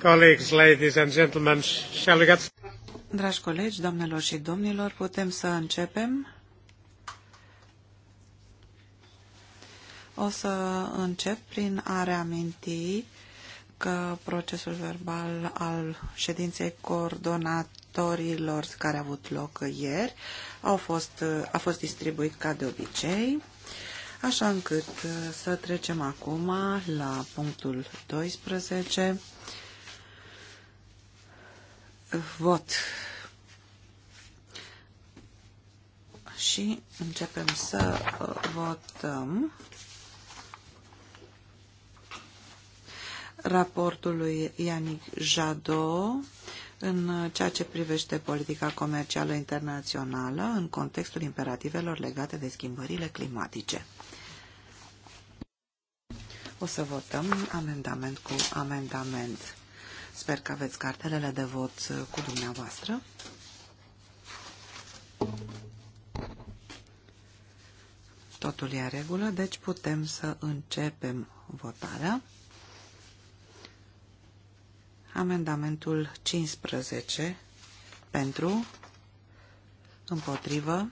Colleagues, ladies and gentlemen, shall we get... Dragi colegi, doamnelor și domnilor, putem să începem. O să încep prin a reaminti că procesul verbal al ședinței coordonatorilor care a avut loc ieri au fost, a fost distribuit ca de obicei, așa încât să trecem acum la punctul 12 vot. Și începem să uh, votăm raportul lui Ianic Jadot în ceea ce privește politica comercială internațională în contextul imperativelor legate de schimbările climatice. O să votăm amendament cu amendament. Sper că aveți cartelele de vot uh, cu dumneavoastră. Totul e regulă, deci putem să începem votarea. Amendamentul 15 pentru, împotrivă,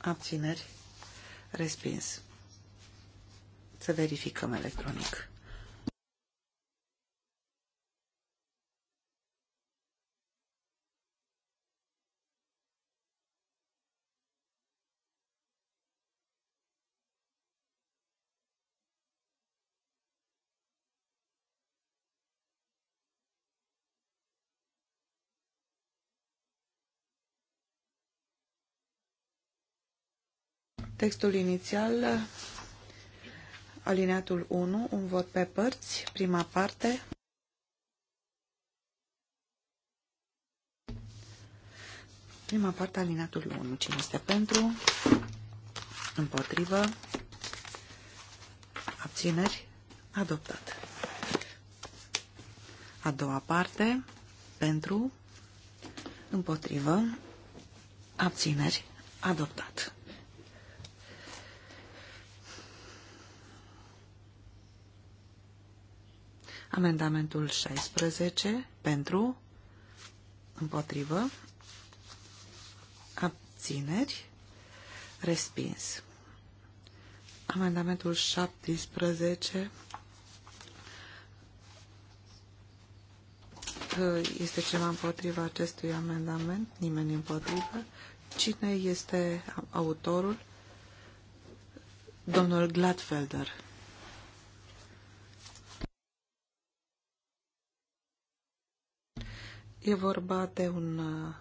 abțineri, respins. Să verificăm electronic. textul inițial, alineatul 1, un vot pe părți, prima parte. Prima parte, alineatul 1. Cine este pentru? Împotrivă? Abțineri? Adoptat. A doua parte, pentru, împotrivă, abțineri, adoptat. Amendamentul 16 pentru, împotrivă, abțineri, respins. Amendamentul 17 este ceva împotriva acestui amendament, nimeni împotrivă. Cine este autorul? Domnul Gladfelder. E vorba de un uh,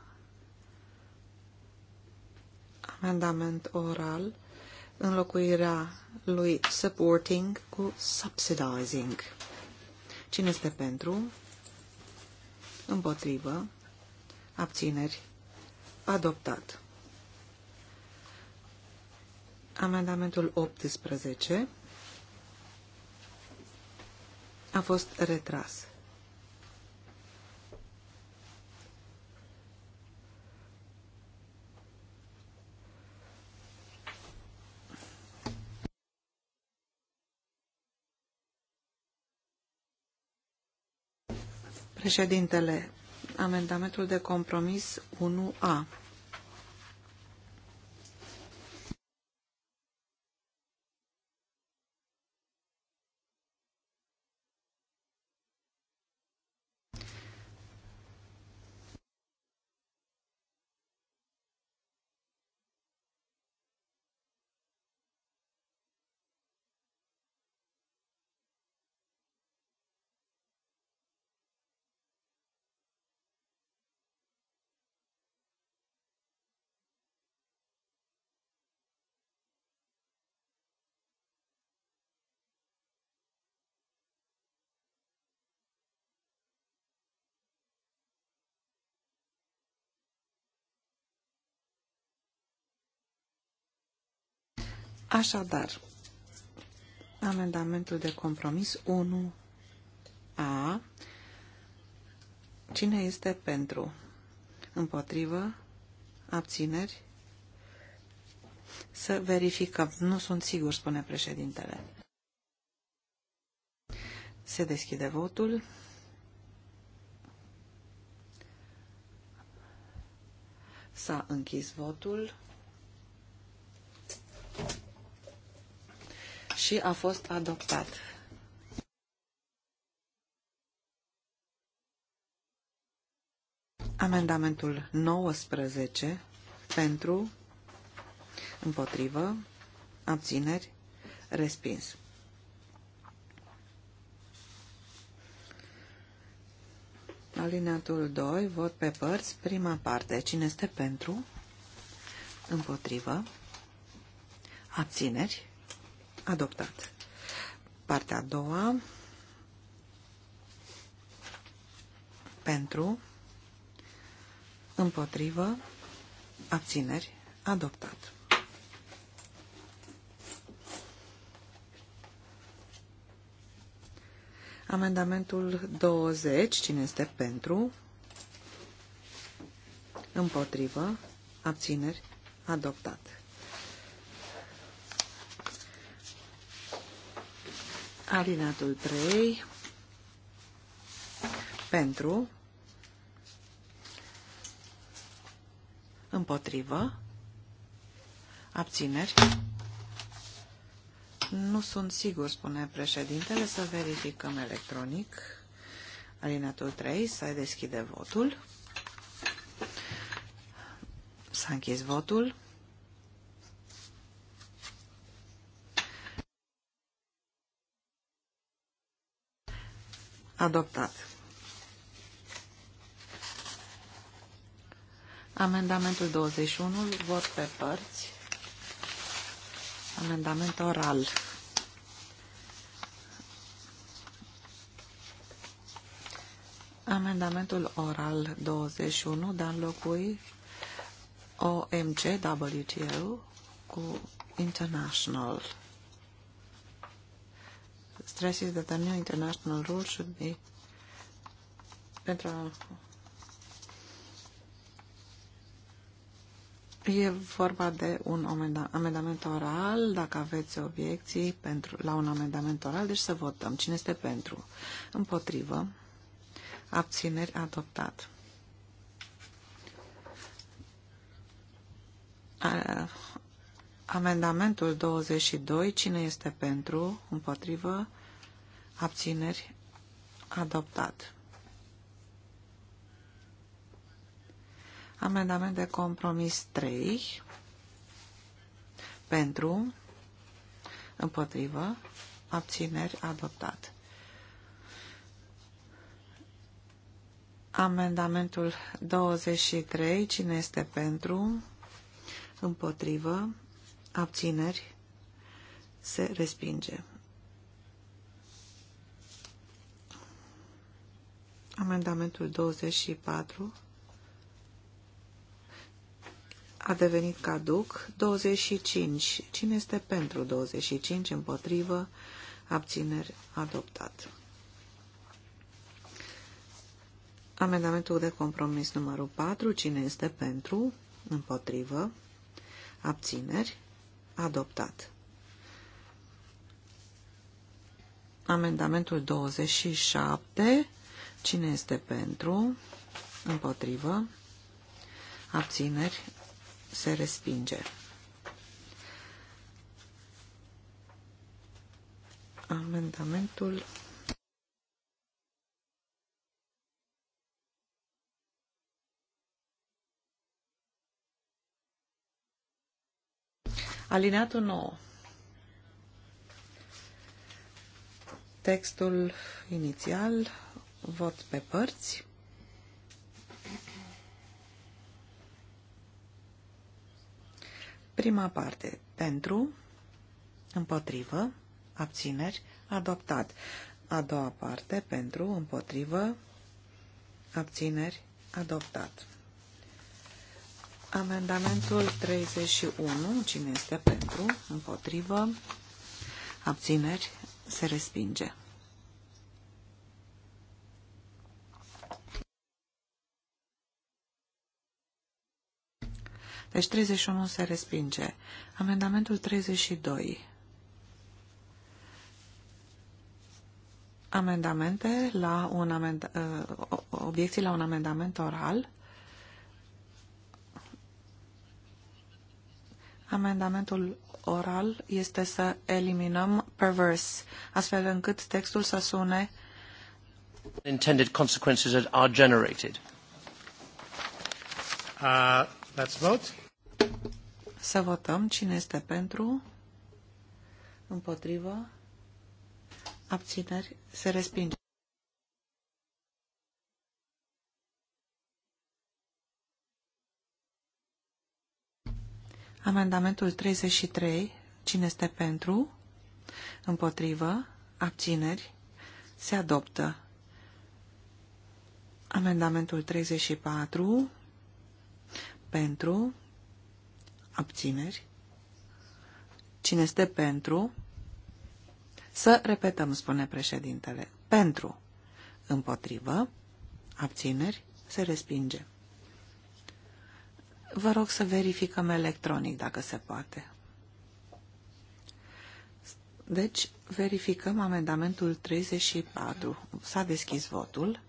amendament oral, înlocuirea lui supporting cu subsidizing. Cine este pentru? Împotrivă. Abțineri. Adoptat. Amendamentul 18 a fost retras. Președintele, amendamentul de compromis 1A. Așadar, amendamentul de compromis 1A. Cine este pentru? Împotrivă? Abțineri? Să verificăm. Nu sunt sigur, spune președintele. Se deschide votul. S-a închis votul și a fost adoptat. Amendamentul 19 pentru, împotrivă, abțineri, respins. Alineatul 2, vot pe părți, prima parte. Cine este pentru? Împotrivă. Abțineri. Adoptat. Partea a doua. Pentru. Împotrivă. Abțineri. Adoptat. Amendamentul 20. Cine este pentru? Împotrivă. Abțineri. Adoptat. Alinatul 3 pentru împotrivă abțineri nu sunt sigur, spune președintele, să verificăm electronic. Alinatul 3, să deschide votul. S-a închis votul. Adoptat. Amendamentul 21, vot pe părți. Amendament oral. Amendamentul oral 21, dar înlocui OMC WTO cu International stresses that a new international rule should be pentru a E vorba de un amendament oral, dacă aveți obiecții pentru, la un amendament oral, deci să votăm. Cine este pentru? Împotrivă. Abțineri adoptat. amendamentul 22. Cine este pentru? Împotrivă abțineri, adoptat. Amendament de compromis 3 pentru, împotrivă, abțineri, adoptat. Amendamentul 23, cine este pentru, împotrivă, abțineri, se respinge. Amendamentul 24 a devenit caduc. 25. Cine este pentru 25? Împotrivă. Abțineri. Adoptat. Amendamentul de compromis numărul 4. Cine este pentru? Împotrivă. Abțineri. Adoptat. Amendamentul 27 Cine este pentru? Împotrivă. Abțineri. Se respinge. Amendamentul Alineatul 9. Textul inițial Vot pe părți. Prima parte. Pentru, împotrivă, abțineri, adoptat. A doua parte. Pentru, împotrivă, abțineri, adoptat. Amendamentul 31. Cine este pentru, împotrivă, abțineri, se respinge. Deci 31 se respinge. Amendamentul 32. Amendamente la un amend uh, obiecții la un amendament oral. Amendamentul oral este să eliminăm perverse, astfel încât textul să sune intended consequences that are generated. Uh, let's vote. Să votăm cine este pentru, împotrivă, abțineri, se respinge. Amendamentul 33, cine este pentru, împotrivă, abțineri, se adoptă. Amendamentul 34, pentru, abțineri. Cine este pentru? Să repetăm, spune președintele. Pentru, împotrivă, abțineri, se respinge. Vă rog să verificăm electronic, dacă se poate. Deci, verificăm amendamentul 34. S-a deschis votul.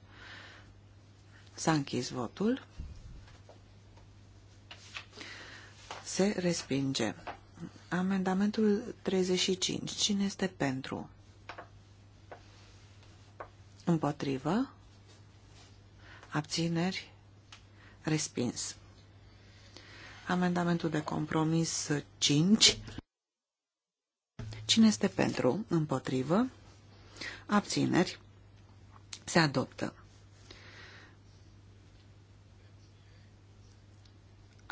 S-a închis votul. Se respinge. Amendamentul 35. Cine este pentru? Împotrivă. Abțineri. Respins. Amendamentul de compromis 5. Cine este pentru? Împotrivă. Abțineri. Se adoptă.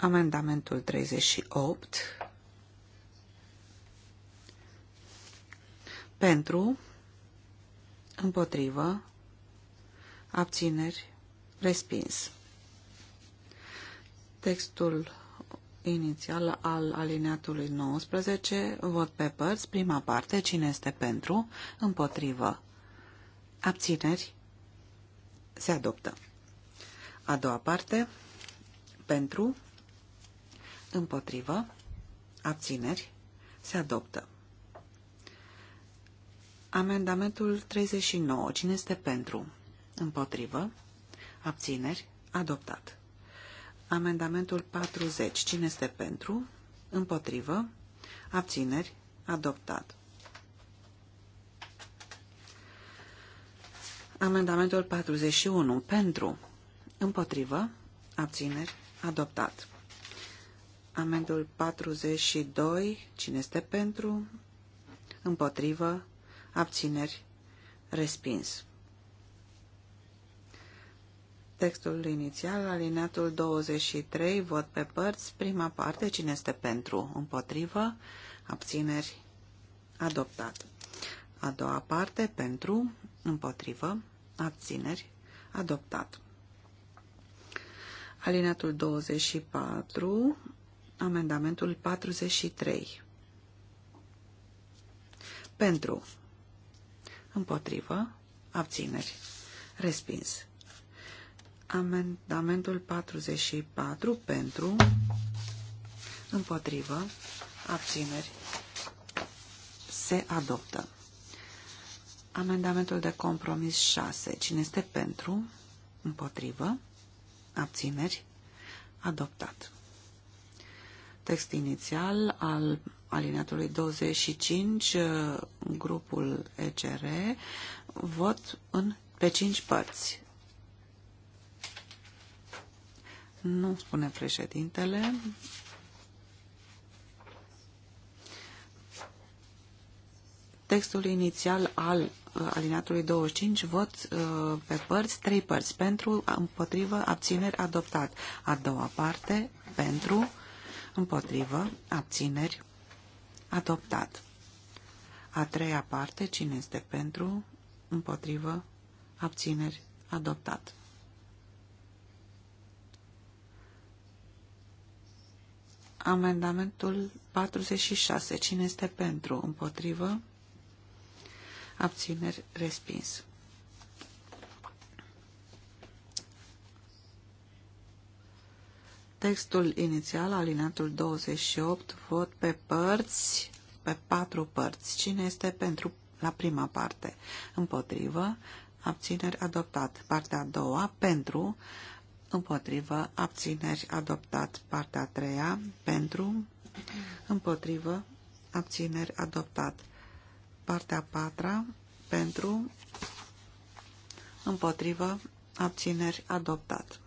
Amendamentul 38 pentru, împotrivă, abțineri, respins. Textul inițial al alineatului 19, vot pe părți, prima parte, cine este pentru, împotrivă, abțineri, se adoptă. A doua parte, pentru, Împotrivă. Abțineri. Se adoptă. Amendamentul 39. Cine este pentru? Împotrivă. Abțineri. Adoptat. Amendamentul 40. Cine este pentru? Împotrivă. Abțineri. Adoptat. Amendamentul 41. Pentru. Împotrivă. Abțineri. Adoptat. Amendul 42. Cine este pentru? Împotrivă. Abțineri. Respins. Textul inițial, alineatul 23, vot pe părți, prima parte, cine este pentru, împotrivă, abțineri, adoptat. A doua parte, pentru, împotrivă, abțineri, adoptat. Alineatul 24, amendamentul 43. Pentru. Împotrivă. Abțineri. Respins. Amendamentul 44 pentru, împotrivă, abțineri, se adoptă. Amendamentul de compromis 6. Cine este pentru, împotrivă, abțineri, adoptat. Text inițial al alineatului 25, uh, grupul ECR, vot în, pe 5 părți. Nu spune președintele. Textul inițial al uh, alineatului 25, vot uh, pe părți, trei părți pentru, împotrivă, abțineri, adoptat. A doua parte, pentru, împotrivă, abțineri, adoptat. A treia parte, cine este pentru, împotrivă, abțineri, adoptat. Amendamentul 46. Cine este pentru? Împotrivă? Abțineri? Respins. Textul inițial, alineatul 28, vot pe părți, pe patru părți. Cine este pentru la prima parte? Împotrivă, abțineri adoptat. Partea a doua, pentru, împotrivă, abțineri adoptat. Partea a treia, pentru, împotrivă, abțineri adoptat. Partea a patra, pentru, împotrivă, abțineri adoptat.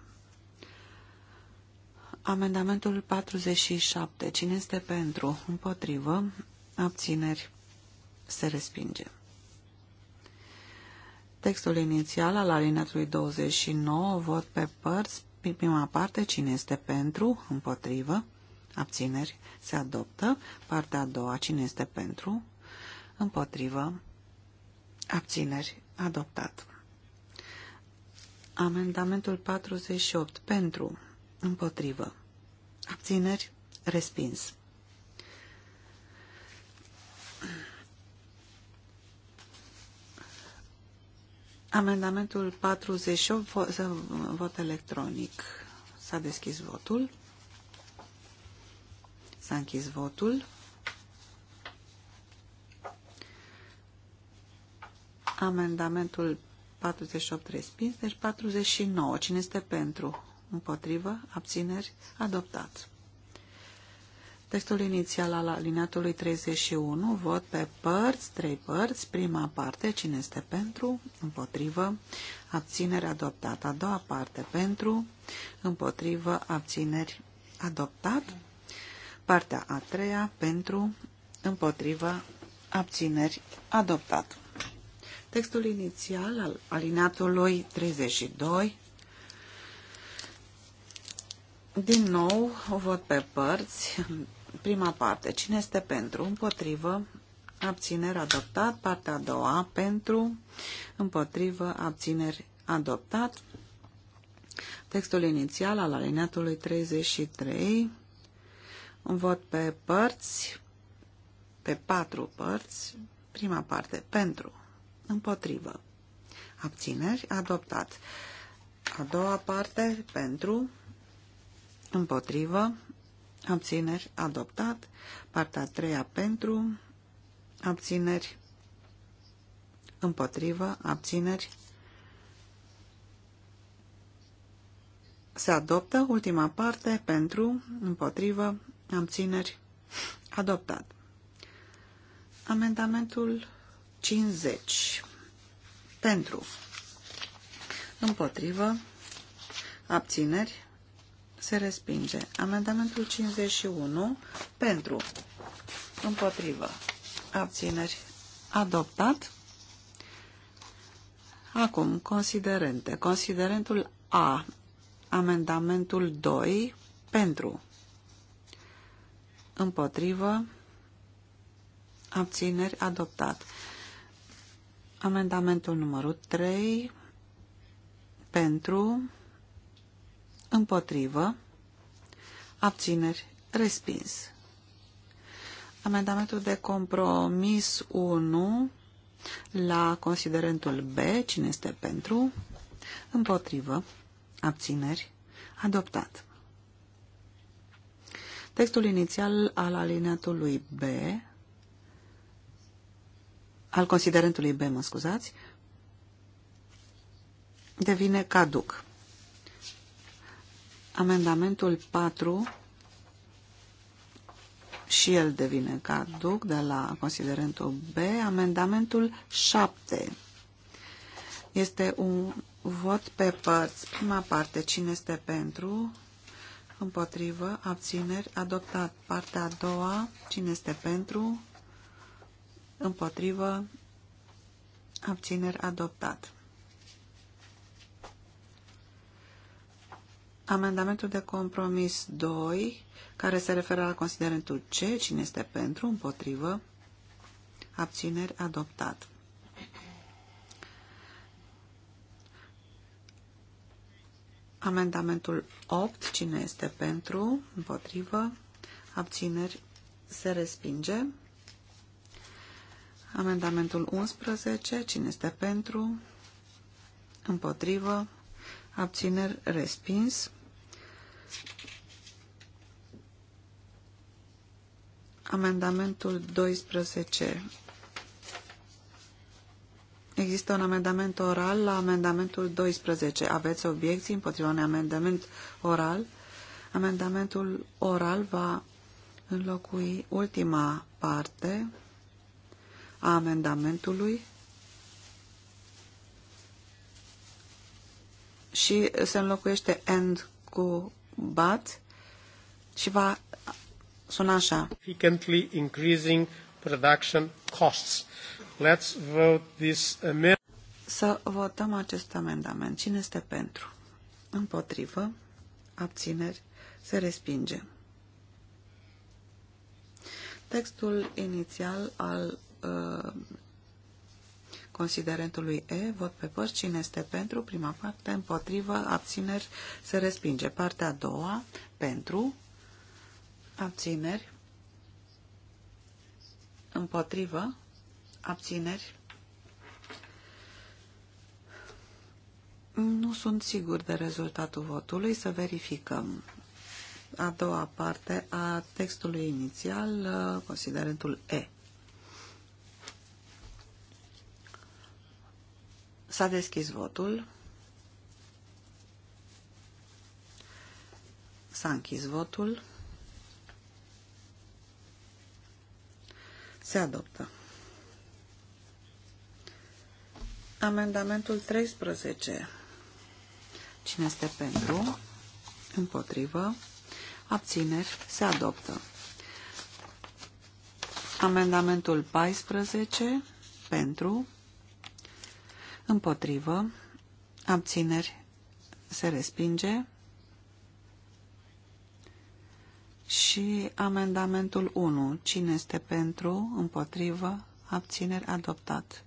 Amendamentul 47. Cine este pentru? Împotrivă. Abțineri. Se respinge. Textul inițial al alineatului 29, vot pe părți, prima parte, cine este pentru, împotrivă, abțineri, se adoptă. Partea a doua, cine este pentru, împotrivă, abțineri, adoptat. Amendamentul 48, pentru, Împotrivă. Abțineri. Respins. Amendamentul 48, vot, vot electronic. S-a deschis votul. S-a închis votul. Amendamentul 48 respins, deci 49. Cine este pentru? împotrivă, abțineri, adoptat. Textul inițial al alineatului 31, vot pe părți, trei părți, prima parte, cine este pentru, împotrivă, abțineri, adoptat. A doua parte, pentru, împotrivă, abțineri, adoptat. Partea a treia, pentru, împotrivă, abțineri, adoptat. Textul inițial al alineatului 32, din nou, o vot pe părți. Prima parte. Cine este pentru? Împotrivă. Abțineri adoptat. Partea a doua. Pentru. Împotrivă. Abțineri adoptat. Textul inițial al alineatului 33. Un vot pe părți. Pe patru părți. Prima parte. Pentru. Împotrivă. Abțineri adoptat. A doua parte. Pentru împotrivă, abțineri, adoptat. Partea a treia pentru, abțineri, împotrivă, abțineri, se adoptă ultima parte pentru, împotrivă, abțineri, adoptat. Amendamentul 50 pentru, împotrivă, abțineri, se respinge. Amendamentul 51 pentru, împotrivă, abțineri, adoptat. Acum, considerente. Considerentul A, amendamentul 2, pentru, împotrivă, abțineri, adoptat. Amendamentul numărul 3, pentru, Împotrivă. Abțineri. Respins. Amendamentul de compromis 1 la considerentul B. Cine este pentru? Împotrivă. Abțineri. Adoptat. Textul inițial al alineatului B, al considerentului B, mă scuzați, devine caduc. Amendamentul 4 și el devine caduc de la considerentul B. Amendamentul 7 este un vot pe părți. Prima parte, cine este pentru? Împotrivă, abțineri, adoptat. Partea a doua, cine este pentru? Împotrivă, abțineri, adoptat. Amendamentul de compromis 2, care se referă la considerentul C, cine este pentru, împotrivă, abțineri, adoptat. Amendamentul 8, cine este pentru, împotrivă, abțineri, se respinge. Amendamentul 11, cine este pentru, împotrivă, abțineri, respins. Amendamentul 12. Există un amendament oral la amendamentul 12. Aveți obiecții împotriva unui amendament oral? Amendamentul oral va înlocui ultima parte a amendamentului și se înlocuiește and cu but și va suna așa. Significantly increasing production costs. Let's vote this amendment. Să votăm acest amendament. Cine este pentru? Împotrivă? Abțineri? Se respinge. Textul inițial al uh, considerentului E, vot pe părți, cine este pentru, prima parte, împotrivă, abțineri, se respinge. Partea a doua, pentru, abțineri, împotrivă, abțineri. Nu sunt sigur de rezultatul votului, să verificăm. A doua parte a textului inițial, considerentul E. S-a deschis votul. S-a închis votul. Se adoptă. Amendamentul 13. Cine este pentru? Împotrivă? Abțineri? Se adoptă. Amendamentul 14. Pentru? împotrivă, abțineri, se respinge. Și amendamentul 1. Cine este pentru, împotrivă, abțineri, adoptat.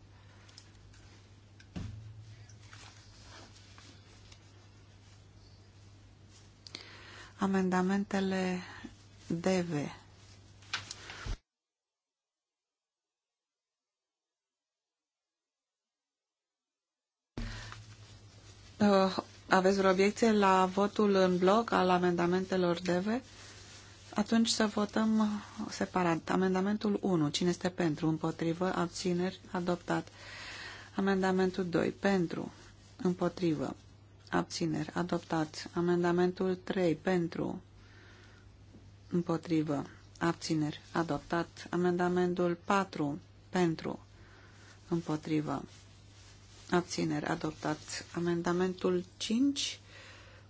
Amendamentele DV Uh, aveți vreo obiecție la votul în bloc al amendamentelor DV? Atunci să votăm separat. Amendamentul 1. Cine este pentru? Împotrivă? Abțineri? Adoptat. Amendamentul 2. Pentru? Împotrivă? Abțineri? Adoptat. Amendamentul 3. Pentru? Împotrivă? Abțineri? Adoptat. Amendamentul 4. Pentru? Împotrivă? abțineri adoptat. Amendamentul 5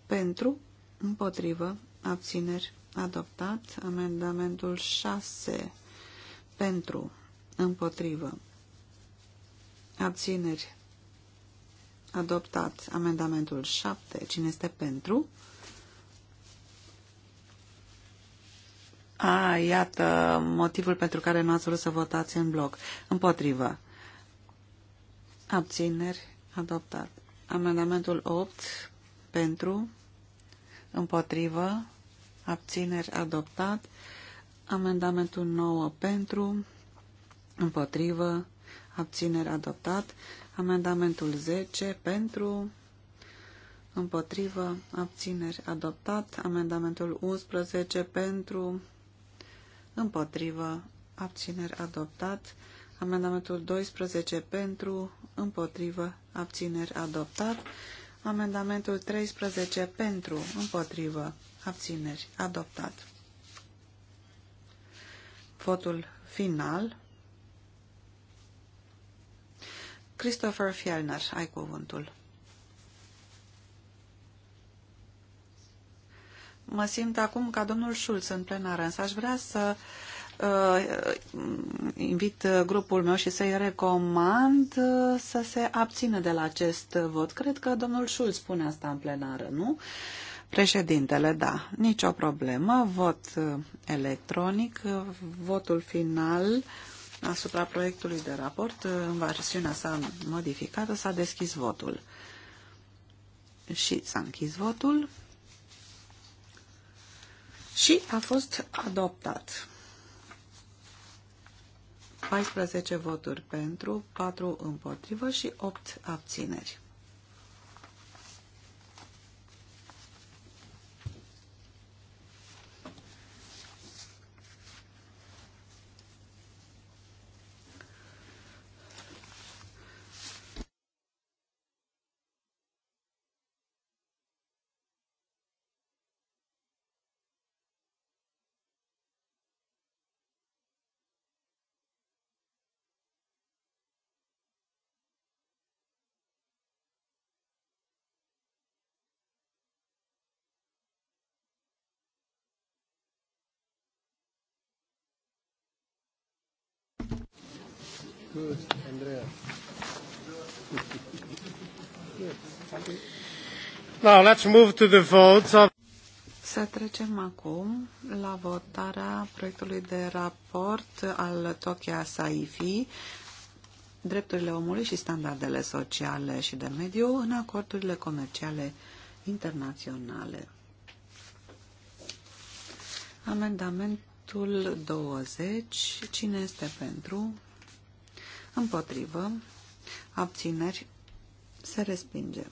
pentru, împotrivă, abțineri adoptat. Amendamentul 6 pentru, împotrivă, abțineri adoptat. Amendamentul 7, cine este pentru? A, iată motivul pentru care nu ați vrut să votați în bloc. Împotrivă. Abțineri. Adoptat. Amendamentul 8. Pentru. Împotrivă. Abțineri. Adoptat. Amendamentul 9. Pentru. Împotrivă. Abțineri. Adoptat. Amendamentul 10. Pentru. Împotrivă. Abțineri. Adoptat. Amendamentul 11. Pentru. Împotrivă. Abțineri. Adoptat. Amendamentul 12 pentru, împotrivă, abțineri adoptat. Amendamentul 13 pentru, împotrivă, abțineri adoptat. Votul final. Christopher Fjellner, ai cuvântul. Mă simt acum ca domnul Schulz în plenară, însă aș vrea să uh, Uh, invit grupul meu și să-i recomand uh, să se abțină de la acest vot. Cred că domnul Schulz spune asta în plenară, nu? Președintele, da, nicio problemă, vot uh, electronic, votul final asupra proiectului de raport, în versiunea sa modificată, s-a deschis votul. Și s-a închis votul și a fost adoptat. 14 voturi pentru, 4 împotrivă și 8 abțineri. Now let's move to the votes of să trecem acum la votarea proiectului de raport al Tokia Saifi, drepturile omului și standardele sociale și de mediu în acordurile comerciale internaționale. Amendamentul 20. Cine este pentru? împotrivă, abțineri, se respinge.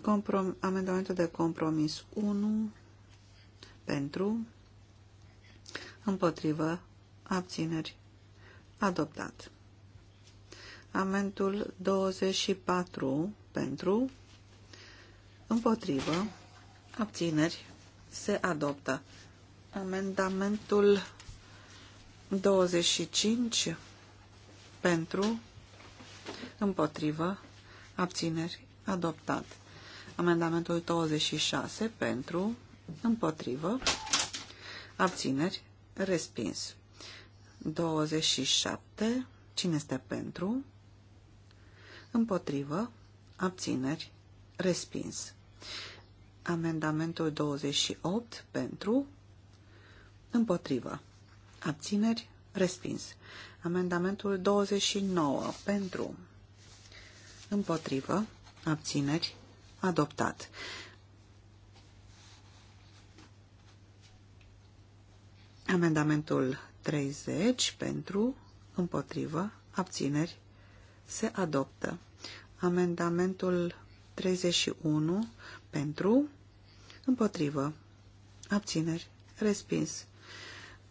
Comprom amendamentul de compromis 1 pentru, împotrivă, abțineri, adoptat. Amendul 24 pentru, împotrivă, abțineri, se adoptă. Amendamentul 25 pentru, împotrivă, abțineri, adoptat. Amendamentul 26 pentru, împotrivă, abțineri, respins. 27, cine este pentru, împotrivă, abțineri, respins. Amendamentul 28 pentru, împotrivă, abțineri, respins. Amendamentul 29 pentru împotrivă abțineri adoptat. Amendamentul 30 pentru împotrivă abțineri se adoptă. Amendamentul 31 pentru împotrivă abțineri respins.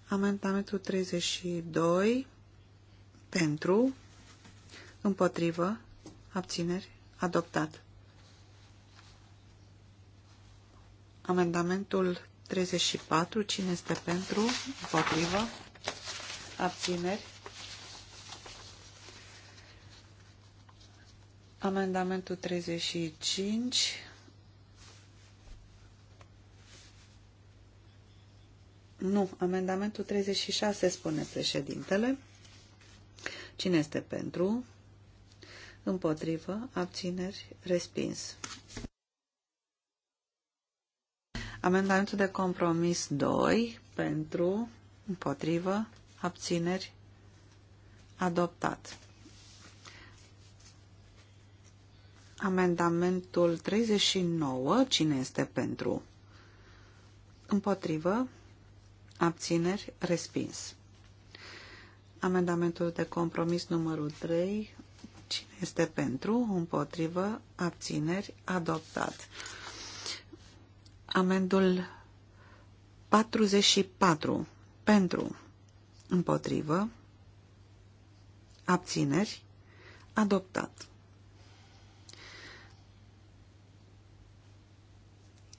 Amendamentul 32 pentru, împotrivă, abțineri, adoptat. Amendamentul 34, cine este pentru, împotrivă, abțineri. Amendamentul 35, nu, amendamentul 36 spune președintele. Cine este pentru? Împotrivă. Abțineri. Respins. Amendamentul de compromis 2. Pentru. Împotrivă. Abțineri. Adoptat. Amendamentul 39. Cine este pentru? Împotrivă. Abțineri. Respins. Amendamentul de compromis numărul 3. Cine este pentru, împotrivă, abțineri, adoptat. Amendul 44. Pentru, împotrivă, abțineri, adoptat.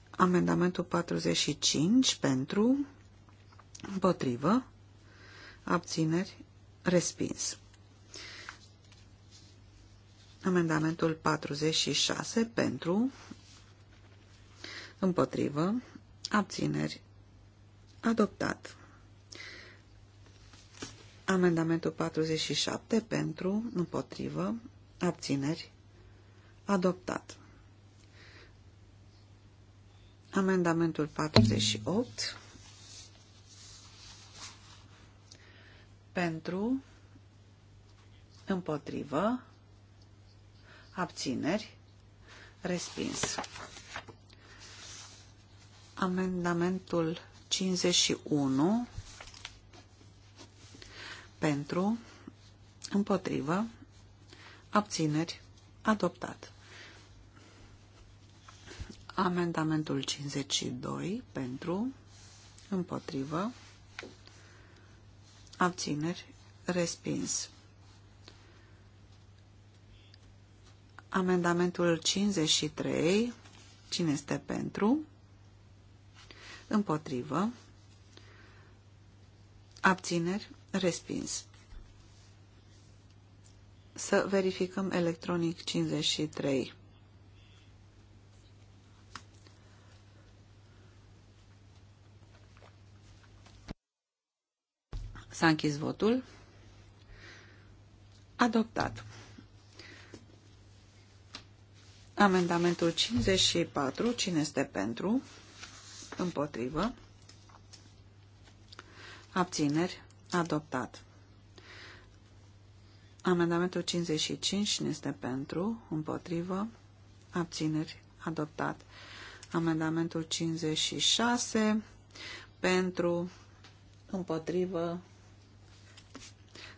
Amendamentul 45 pentru, împotrivă, abțineri, Respins. Amendamentul 46 pentru, împotrivă, abțineri, adoptat. Amendamentul 47 pentru, împotrivă, abțineri, adoptat. Amendamentul 48 pentru, împotrivă, abțineri, respins. Amendamentul 51 pentru, împotrivă, abțineri, adoptat. Amendamentul 52 pentru, împotrivă, abțineri, respins. Amendamentul 53, cine este pentru, împotrivă, abțineri, respins. Să verificăm electronic 53. S-a închis votul. Adoptat. Amendamentul 54. Cine este pentru? Împotrivă. Abțineri. Adoptat. Amendamentul 55. Cine este pentru? Împotrivă. Abțineri. Adoptat. Amendamentul 56. Pentru. Împotrivă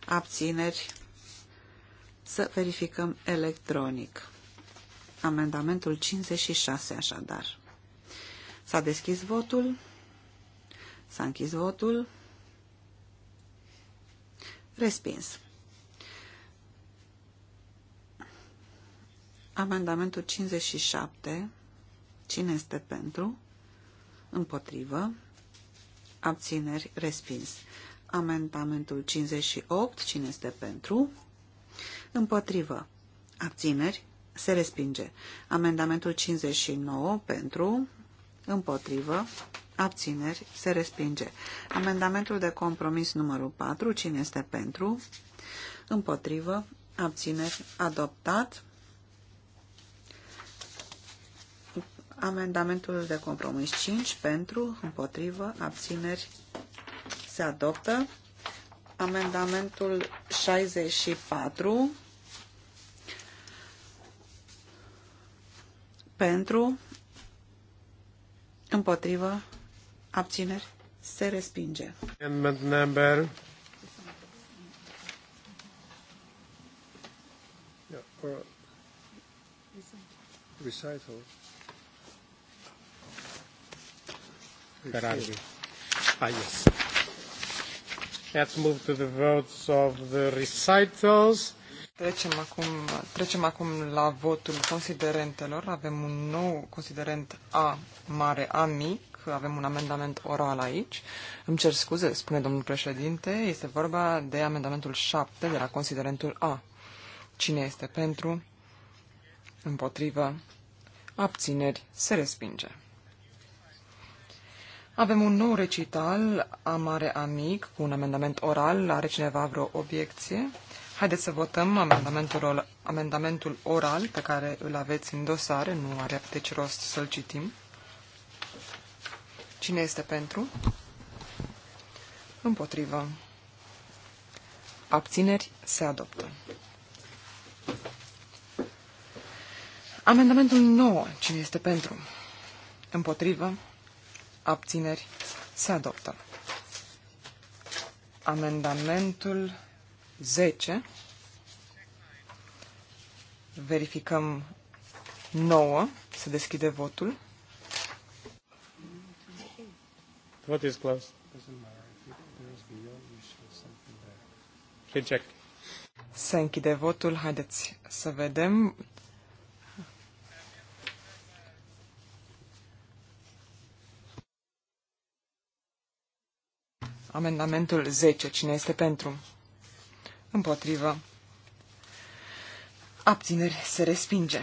abțineri, să verificăm electronic. Amendamentul 56, așadar. S-a deschis votul, s-a închis votul, respins. Amendamentul 57, cine este pentru? Împotrivă, abțineri, respins. Amendamentul 58. Cine este pentru? Împotrivă. Abțineri. Se respinge. Amendamentul 59. Pentru. Împotrivă. Abțineri. Se respinge. Amendamentul de compromis numărul 4. Cine este pentru? Împotrivă. Abțineri. Adoptat. Amendamentul de compromis 5 pentru, împotrivă, abțineri, se adoptă. Amendamentul 64 pentru, împotrivă, abțineri, se respinge. Amendment number recital. Ferrari. Ah, yes. Let's move to the votes of the recitals. Trecem acum, trecem acum la votul considerentelor. Avem un nou considerent A mare, A mic. Avem un amendament oral aici. Îmi cer scuze, spune domnul președinte. Este vorba de amendamentul 7 de la considerentul A. Cine este pentru? Împotrivă? Abțineri? Se respinge. Avem un nou recital, amare amic, cu un amendament oral. Are cineva vreo obiecție? Haideți să votăm amendamentul, amendamentul oral pe care îl aveți în dosare. Nu are deci rost să-l citim. Cine este pentru? Împotrivă. Abțineri se adoptă. Amendamentul 9. Cine este pentru? Împotrivă abțineri, se adoptă. Amendamentul 10. Verificăm 9. Se deschide votul. Vot is closed. Se închide votul. Haideți să vedem. Amendamentul 10. Cine este pentru? Împotrivă. Abțineri se respinge.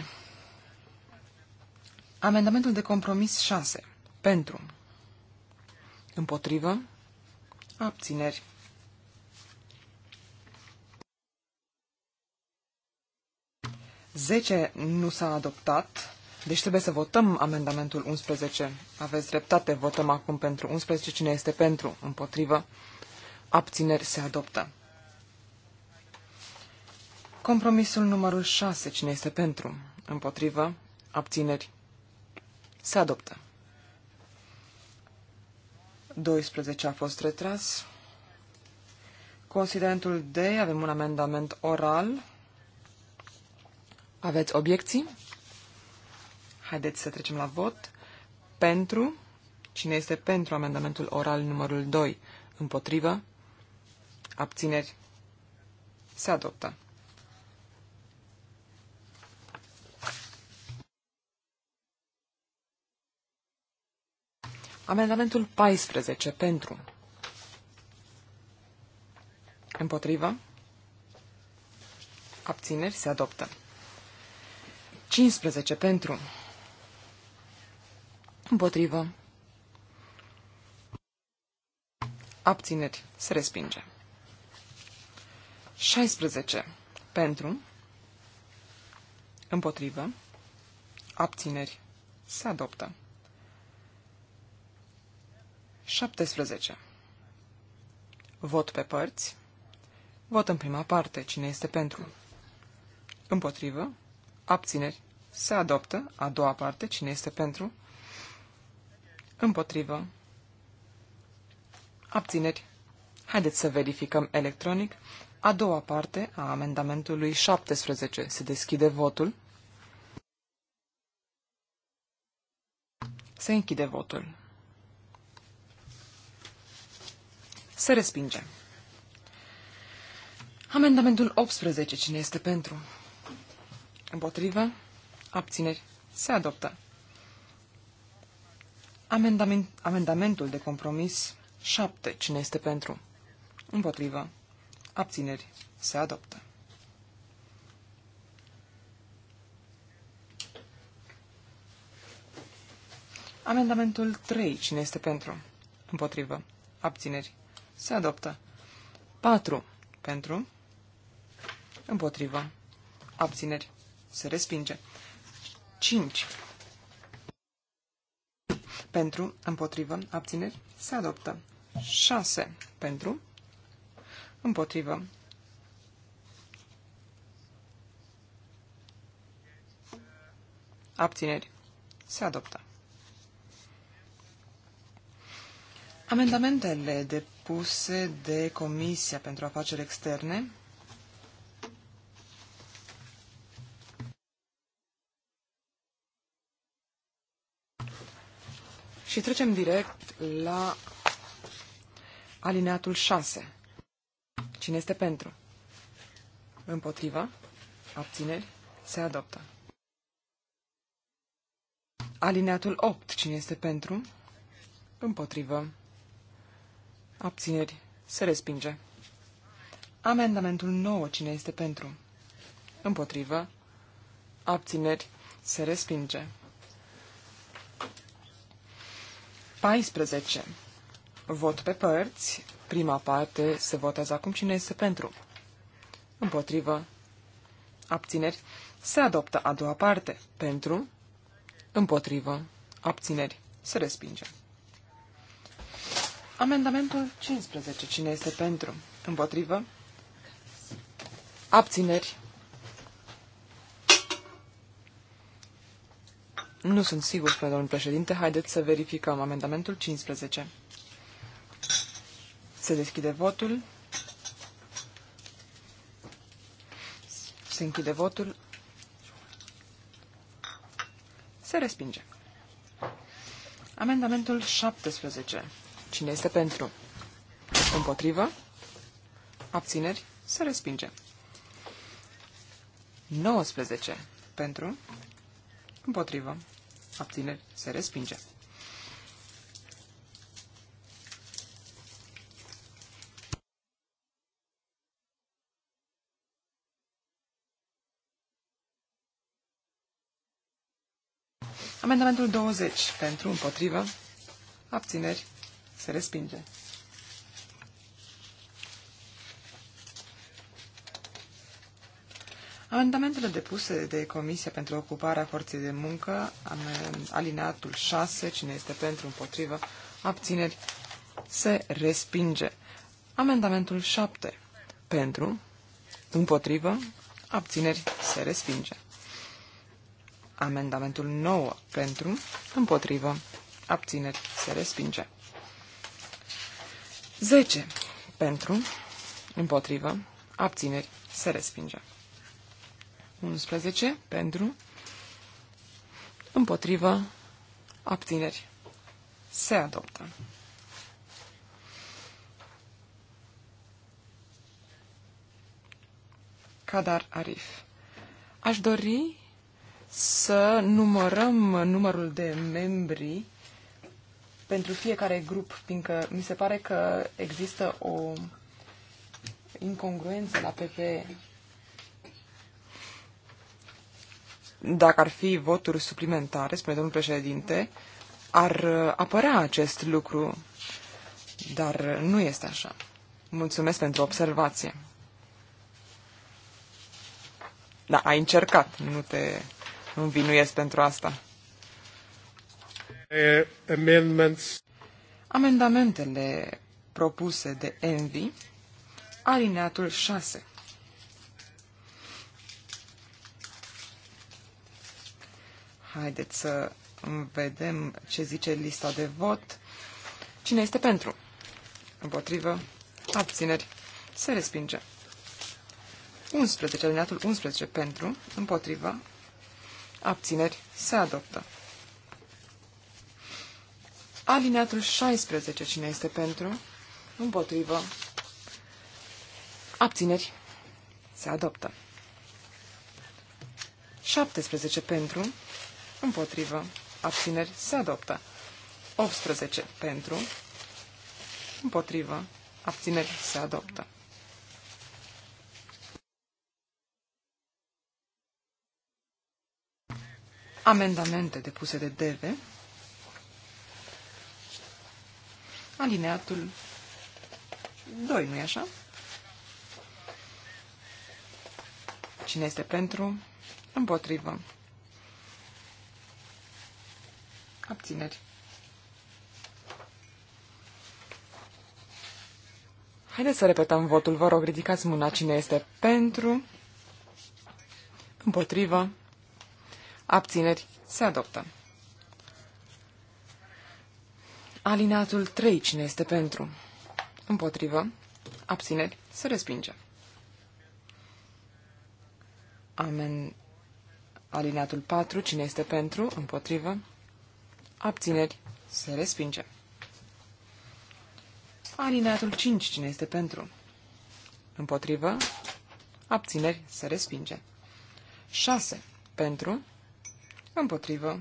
Amendamentul de compromis 6. Pentru. Împotrivă. Abțineri. Zece nu s-a adoptat. Deci trebuie să votăm amendamentul 11. Aveți dreptate, votăm acum pentru 11. Cine este pentru? Împotrivă? Abțineri se adoptă. Compromisul numărul 6. Cine este pentru? Împotrivă? Abțineri se adoptă. 12 a fost retras. Considerentul D, avem un amendament oral. Aveți obiecții? Haideți să trecem la vot. Pentru. Cine este pentru amendamentul oral numărul 2? Împotrivă. Abțineri. Se adoptă. Amendamentul 14 pentru. Împotrivă. Abțineri se adoptă. 15 pentru. Împotrivă. Abțineri. Se respinge. 16. Pentru. Împotrivă. Abțineri. Se adoptă. 17. Vot pe părți. Vot în prima parte. Cine este pentru? Împotrivă. Abțineri. Se adoptă. A doua parte. Cine este pentru? Împotrivă. Abțineri. Haideți să verificăm electronic. A doua parte a amendamentului 17. Se deschide votul. Se închide votul. Se respinge. Amendamentul 18. Cine este pentru? Împotrivă? Abțineri. Se adoptă. Amendament, amendamentul de compromis 7. Cine este pentru? Împotrivă. Abțineri. Se adoptă. Amendamentul 3. Cine este pentru? Împotrivă. Abțineri. Se adoptă. 4. Pentru. Împotrivă. Abțineri. Se respinge. 5. Pentru, împotrivă, abțineri, se adoptă. 6 pentru, împotrivă, abțineri, se adoptă. Amendamentele depuse de Comisia pentru Afaceri Externe Și trecem direct la alineatul 6. Cine este pentru? Împotriva? Abțineri? Se adoptă. Alineatul 8. Cine este pentru? Împotrivă. Abțineri. Se respinge. Amendamentul 9. Cine este pentru? Împotrivă. Abțineri. Se respinge. 14. Vot pe părți. Prima parte se votează acum cine este pentru. Împotrivă. Abțineri. Se adoptă a doua parte. Pentru. Împotrivă. Abțineri. Se respinge. Amendamentul 15. Cine este pentru? Împotrivă? Abțineri. Nu sunt sigur, spune domnul președinte. Haideți să verificăm amendamentul 15. Se deschide votul. Se închide votul. Se respinge. Amendamentul 17. Cine este pentru? Împotrivă? Abțineri? Se respinge. 19. Pentru? Împotrivă abțineri, se respinge. Amendamentul 20 pentru împotrivă, abțineri, se respinge. Amendamentele depuse de Comisia pentru Ocuparea Forței de Muncă, alineatul 6, cine este pentru, împotrivă, abțineri, se respinge. Amendamentul 7, pentru, împotrivă, abțineri, se respinge. Amendamentul 9, pentru, împotrivă, abțineri, se respinge. 10. Pentru, împotrivă, abțineri, se respinge. 11 pentru, împotrivă, abțineri. Se adoptă. Kadar Arif. Aș dori să numărăm numărul de membri pentru fiecare grup, fiindcă mi se pare că există o incongruență la PP dacă ar fi voturi suplimentare, spune domnul președinte, ar uh, apărea acest lucru, dar uh, nu este așa. Mulțumesc pentru observație. Da, ai încercat, nu te învinuiesc pentru asta. amendments. Amendamentele propuse de Envy, alineatul 6. Haideți să vedem ce zice lista de vot. Cine este pentru? Împotrivă. Abțineri. Se respinge. 11. Alineatul 11 pentru. Împotrivă. Abțineri. Se adoptă. Alineatul 16. Cine este pentru? Împotrivă. Abțineri. Se adoptă. 17 pentru împotrivă, abțineri, se adoptă. 18 pentru, împotrivă, abțineri, se adoptă. Amendamente depuse de DEVE. Alineatul 2, nu-i așa? Cine este pentru? Împotrivă. Abțineri. Haideți să repetăm votul. Vă rog, ridicați mâna cine este pentru, împotrivă, abțineri, se adoptă. Alinatul 3, cine este pentru, împotrivă, abțineri, se respinge. Amen. Alineatul 4, cine este pentru, împotrivă, abțineri, se respinge. Alineatul 5, cine este pentru? Împotrivă, abțineri, se respinge. 6, pentru, împotrivă,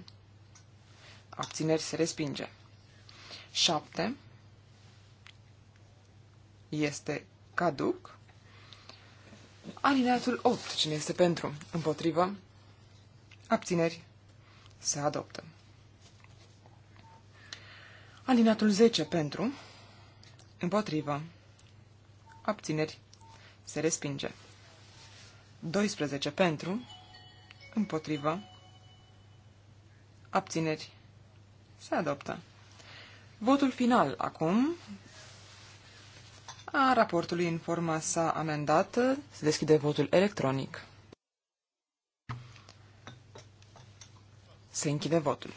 abțineri, se respinge. 7, este caduc. Alineatul 8, cine este pentru? Împotrivă, abțineri, se adoptă. Alinatul 10 pentru, împotrivă, abțineri, se respinge. 12 pentru, împotrivă, abțineri, se adoptă. Votul final acum a raportului în forma sa amendată se deschide votul electronic. Se închide votul.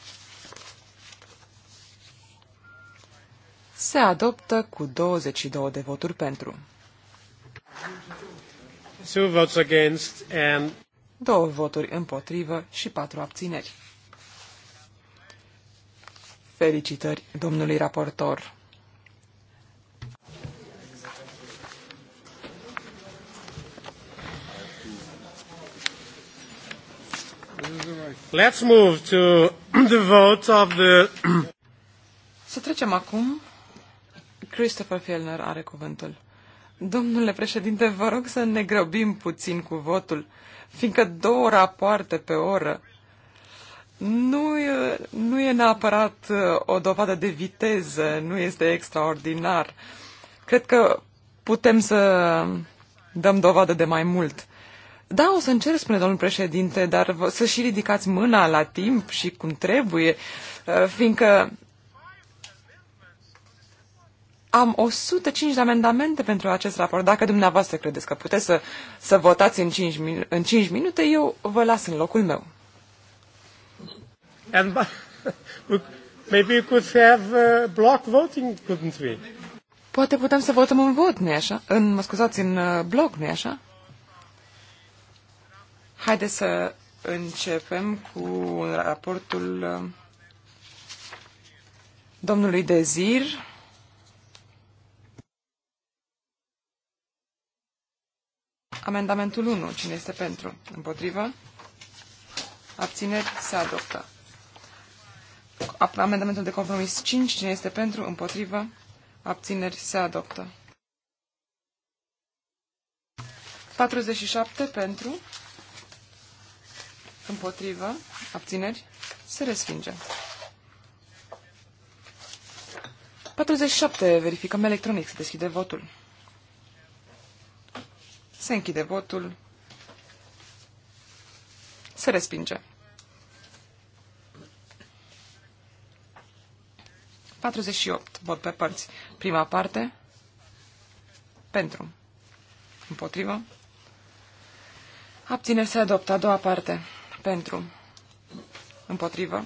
se adoptă cu 22 de voturi pentru. Two votes against and... Două voturi împotrivă și patru abțineri. Felicitări domnului raportor. Let's move to the vote of the... Să trecem acum Christopher Fielner are cuvântul. Domnule președinte, vă rog să ne grăbim puțin cu votul, fiindcă două rapoarte pe oră nu e, nu e neapărat uh, o dovadă de viteză, nu este extraordinar. Cred că putem să dăm dovadă de mai mult. Da, o să încerc, spune domnul președinte, dar să și ridicați mâna la timp și cum trebuie, uh, fiindcă am 105 de amendamente pentru acest raport. Dacă dumneavoastră credeți că puteți să, să votați în 5, în 5 minute, eu vă las în locul meu. And maybe we could have uh, block voting, couldn't we? Poate putem să votăm în vot, nu-i așa? În, mă scuzați, în uh, bloc, nu-i așa? Haideți să începem cu raportul uh, domnului Dezir Amendamentul 1. Cine este pentru? Împotrivă? Abțineri? Se adoptă. Amendamentul de compromis 5. Cine este pentru? Împotrivă? Abțineri? Se adoptă. 47 pentru, împotrivă, abțineri, se respinge. 47. Verificăm electronic. Se deschide votul. Se închide votul. Se respinge. 48. Vot pe părți. Prima parte. Pentru. Împotrivă. Abțineri se adoptă. A doua parte. Pentru. Împotrivă.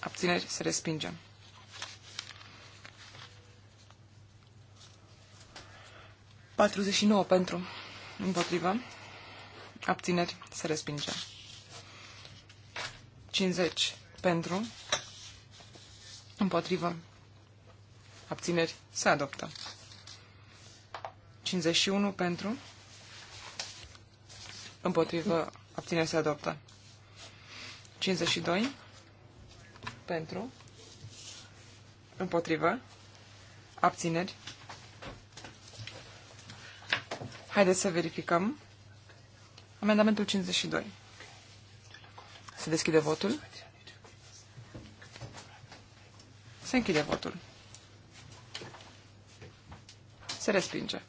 Abțineri se respinge. 49 pentru, împotrivă, abțineri, se respinge. 50 pentru, împotrivă, abțineri, se adoptă. 51 pentru, împotrivă, abțineri, se adoptă. 52 pentru, împotrivă, abțineri, Haideți să verificăm. Amendamentul 52. Se deschide votul. Se închide votul. Se respinge.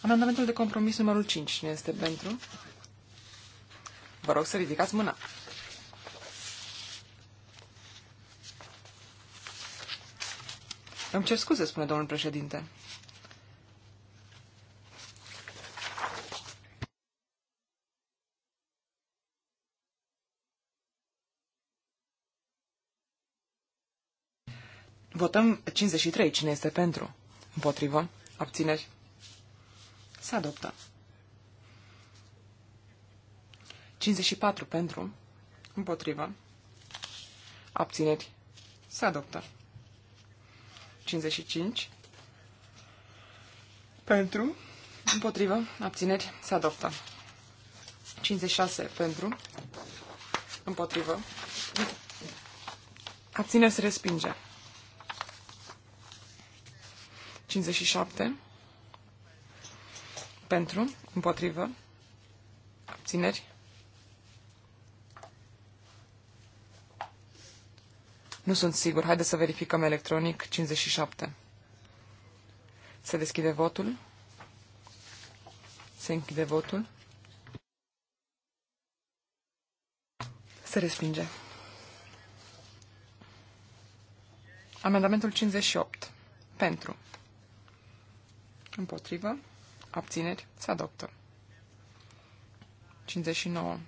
Amendamentul de compromis numărul 5. Cine este pentru? Vă rog să ridicați mâna. Îmi cer scuze, spune domnul președinte. Votăm 53. Cine este pentru? Împotrivă? Abțineri? Se adoptă. 54 pentru? Împotrivă? Abțineri? Se adoptă. 55. Pentru. Împotrivă. Abțineri. Se adoptă. 56. Pentru. Împotrivă. Abține se respinge. 57. Pentru. Împotrivă. Abțineri. Nu sunt sigur. Haideți să verificăm electronic 57. Se deschide votul. Se închide votul. Se respinge. Amendamentul 58. Pentru. Împotrivă. Abțineri. Se adoptă. 59.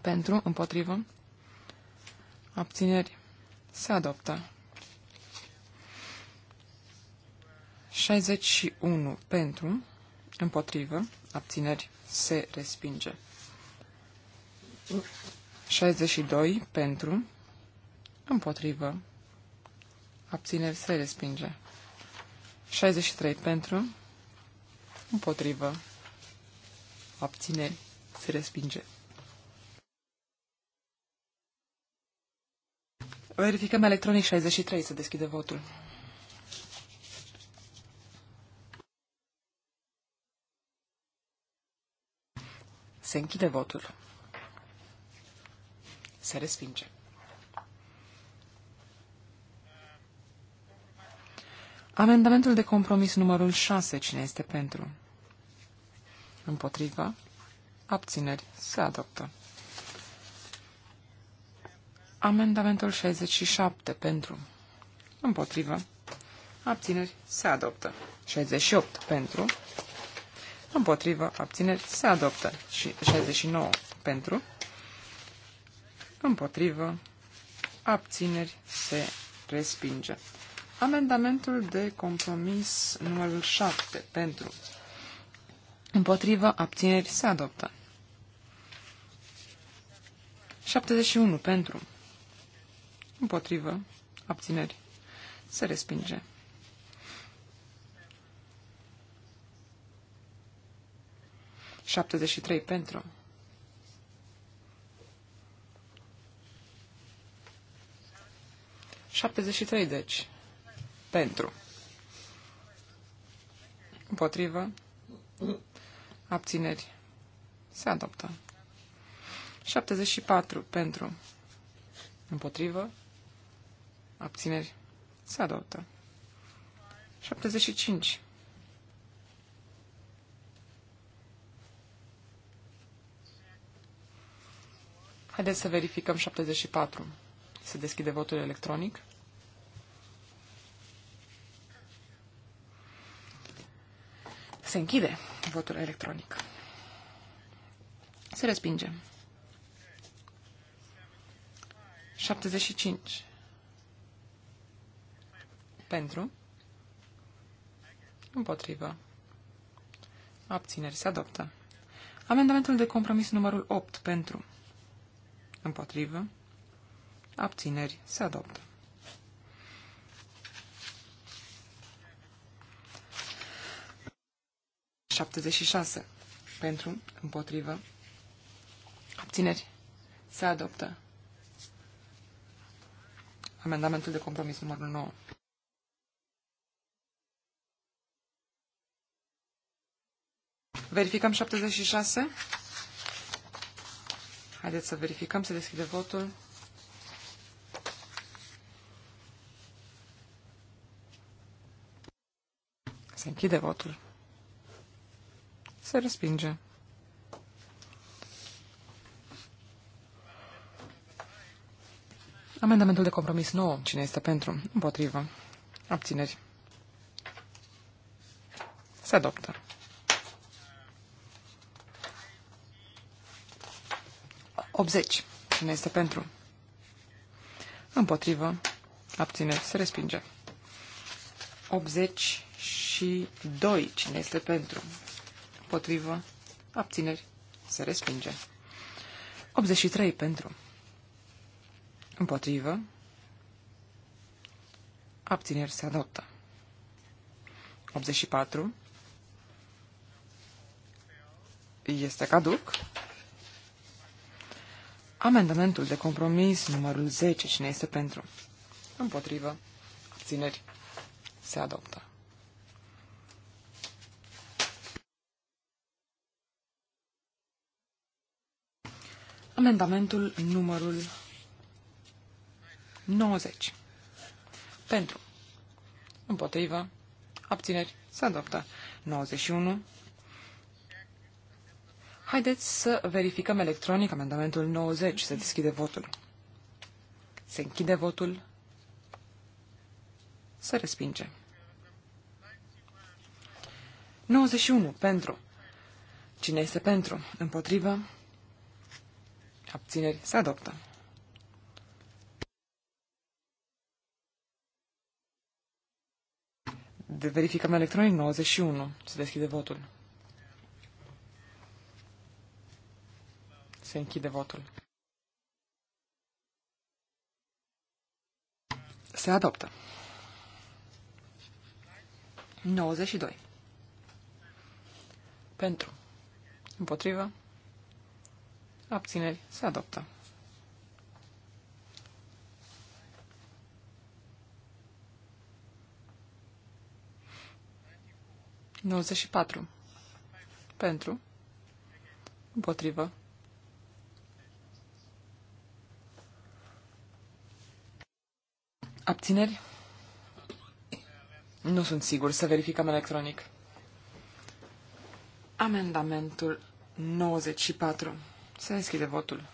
Pentru. Împotrivă abțineri, se adoptă. 61 pentru, împotrivă, abțineri, se respinge. 62 pentru, împotrivă, abțineri, se respinge. 63 pentru, împotrivă, abțineri, se respinge. Verificăm electronic 63 să deschide votul. Se închide votul. Se respinge. Amendamentul de compromis numărul 6. Cine este pentru? Împotriva? Abțineri. Se adoptă. Amendamentul 67 pentru. Împotrivă. Abțineri. Se adoptă. 68 pentru. Împotrivă. Abțineri. Se adoptă. 69 pentru. Împotrivă. Abțineri. Se respinge. Amendamentul de compromis numărul 7 pentru. Împotrivă. Abțineri. Se adoptă. 71 pentru. Împotrivă. Abțineri. Se respinge. Șaptezeci și trei pentru. Șaptezeci și trei, deci. Pentru. Împotrivă. Abțineri. Se adoptă. 74 pentru. Împotrivă. Abțineri. Se adoptă. 75. Haideți să verificăm 74. Se deschide votul electronic. Se închide votul electronic. Se respinge. 75. Pentru. Împotrivă. Abțineri. Se adoptă. Amendamentul de compromis numărul 8. Pentru. Împotrivă. Abțineri. Se adoptă. Șaptezeci și Pentru, împotrivă, abțineri. Se adoptă. Amendamentul de compromis numărul 9. Verificăm 76. Haideți să verificăm, să deschide votul. Se închide votul. Se respinge. Amendamentul de compromis 9. Cine este pentru? Împotrivă. Abțineri. Se adoptă. 80. Cine este pentru? Împotrivă. Abțineri. Se respinge. 82. Cine este pentru? Împotrivă. Abțineri. Se respinge. 83 pentru. Împotrivă. Abțineri se adoptă. 84. Este caduc. Amendamentul de compromis numărul 10, cine este pentru? Împotrivă. Abțineri. Se adoptă. Amendamentul numărul 90. Pentru. Împotrivă. Abțineri. Se adoptă. 91. Haideți să verificăm electronic amendamentul 90. Se deschide votul. Se închide votul. Se respinge. 91. Pentru. Cine este pentru? Împotrivă? Abțineri. Se adoptă. De verificăm electronic 91. Se deschide votul. Se închide votul. Se adoptă. 92. Pentru. Împotrivă. Abțineri. Se adoptă. Nouăzeci și patru. Pentru. Împotrivă. Abțineri? Nu sunt sigur. Să verificăm electronic. Amendamentul 94. Se deschide votul.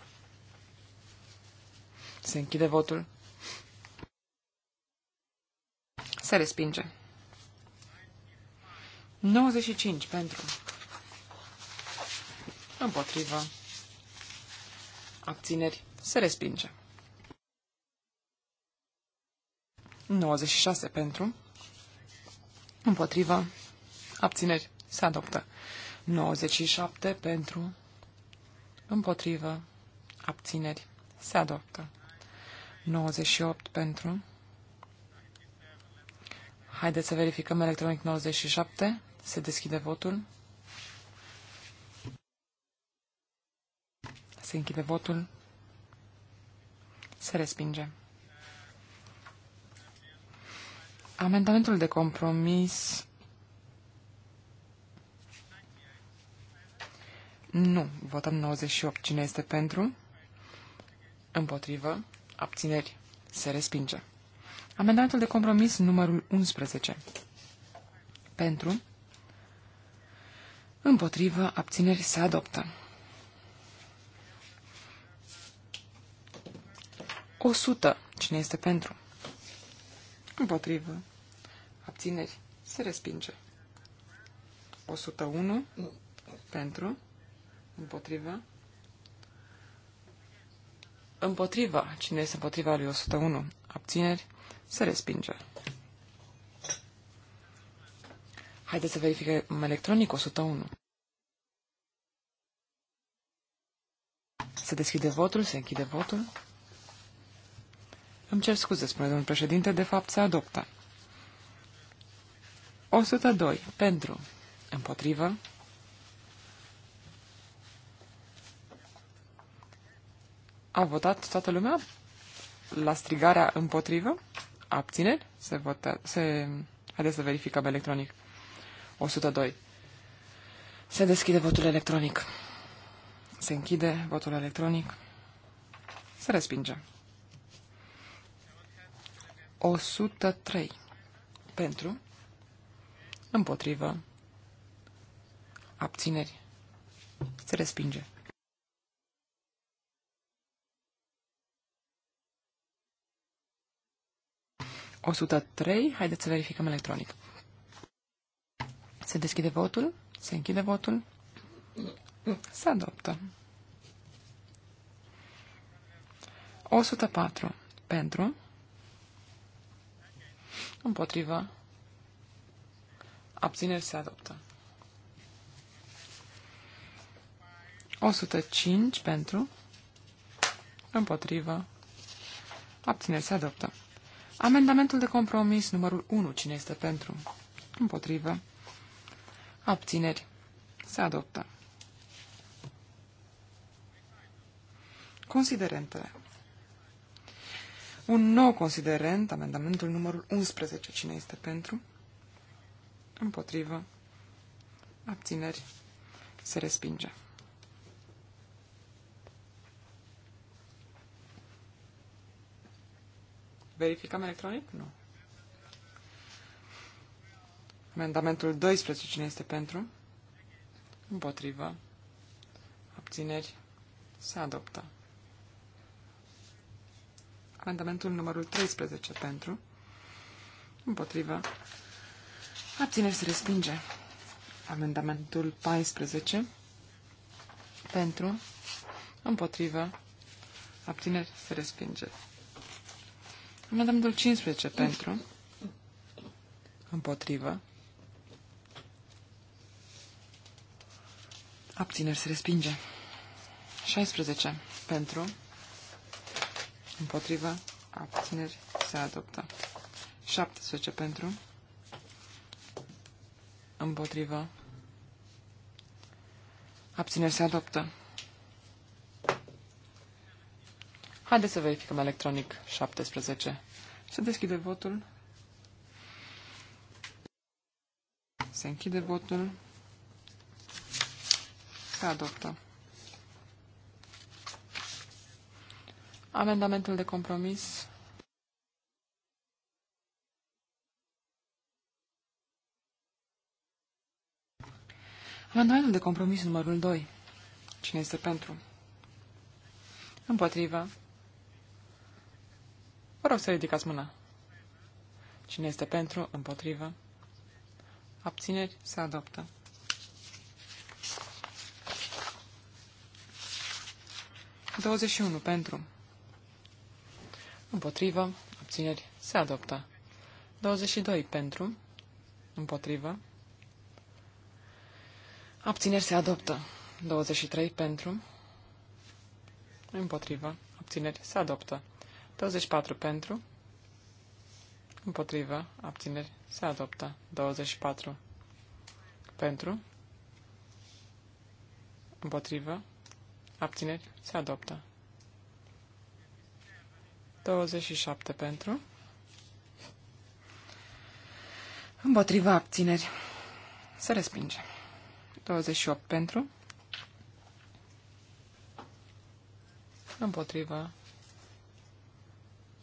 Se închide votul. Se respinge. 95 pentru. Împotrivă. Abțineri. Se respinge. 96 pentru, împotriva, abțineri, se adoptă. 97 pentru, împotriva, abțineri, se adoptă. 98 pentru. Haideți să verificăm electronic 97. Se deschide votul. Se închide votul. Se respinge. Amendamentul de compromis Nu. Votăm 98. Cine este pentru? Împotrivă. Abțineri. Se respinge. Amendamentul de compromis numărul 11. Pentru. Împotrivă. Abțineri. Se adoptă. 100. Cine este pentru? Împotrivă. Abțineri. Se respinge. 101. Pentru. Împotrivă. Împotriva. Cine este împotriva lui 101? Abțineri. Se respinge. Haideți să verificăm electronic 101. Se deschide votul, se închide votul. Îmi cer scuze, spune domnul președinte, de fapt se adoptă. 102. Pentru. Împotrivă. A votat toată lumea? La strigarea împotrivă? Abțineri? Se votă... Se... Haideți să verificăm electronic. 102. Se deschide votul electronic. Se închide votul electronic. Se respinge. 103. Pentru. Împotrivă. Abțineri. Se respinge. O sută trei. Haideți să verificăm electronic. Se deschide votul. Se închide votul. Se adoptă. 104. Pentru. Împotrivă. Abțineri se adoptă. 105 pentru. Împotrivă. Abțineri se adoptă. Amendamentul de compromis numărul 1. Cine este pentru? Împotrivă. Abțineri. Se adoptă. Considerentele. Un nou considerent, amendamentul numărul 11. Cine este pentru? Împotrivă. Abțineri. Se respinge. Verificăm electronic? Nu. Amendamentul 12. Cine este pentru? Împotrivă. Abțineri. Se adoptă amendamentul numărul 13 pentru, împotrivă, abțineri se respinge. Amendamentul 14 pentru, împotrivă, abțineri se respinge. Amendamentul 15 pentru, împotrivă, abțineri se respinge. 16 pentru, Împotriva. Abțineri. Se adoptă. 17 pentru. Împotriva. Abțineri. Se adoptă. Haideți să verificăm electronic 17. Se deschide votul. Se închide votul. Se adoptă. Amendamentul de compromis. Amendamentul de compromis numărul 2. Cine este pentru? Împotrivă. Vă rog să ridicați mâna. Cine este pentru? Împotrivă. Abțineri? Se adoptă. Douăzeci și unu pentru. Împotrivă. Abțineri. Se adoptă. 22 pentru. Împotrivă. Abțineri se adoptă. 23 pentru. Împotrivă. Abțineri se adoptă. 24 pentru. Împotrivă. Abțineri se adoptă. 24 pentru. Împotrivă. Abțineri se adoptă. 27 pentru. Împotriva abțineri. Se respinge. 28 pentru. Împotriva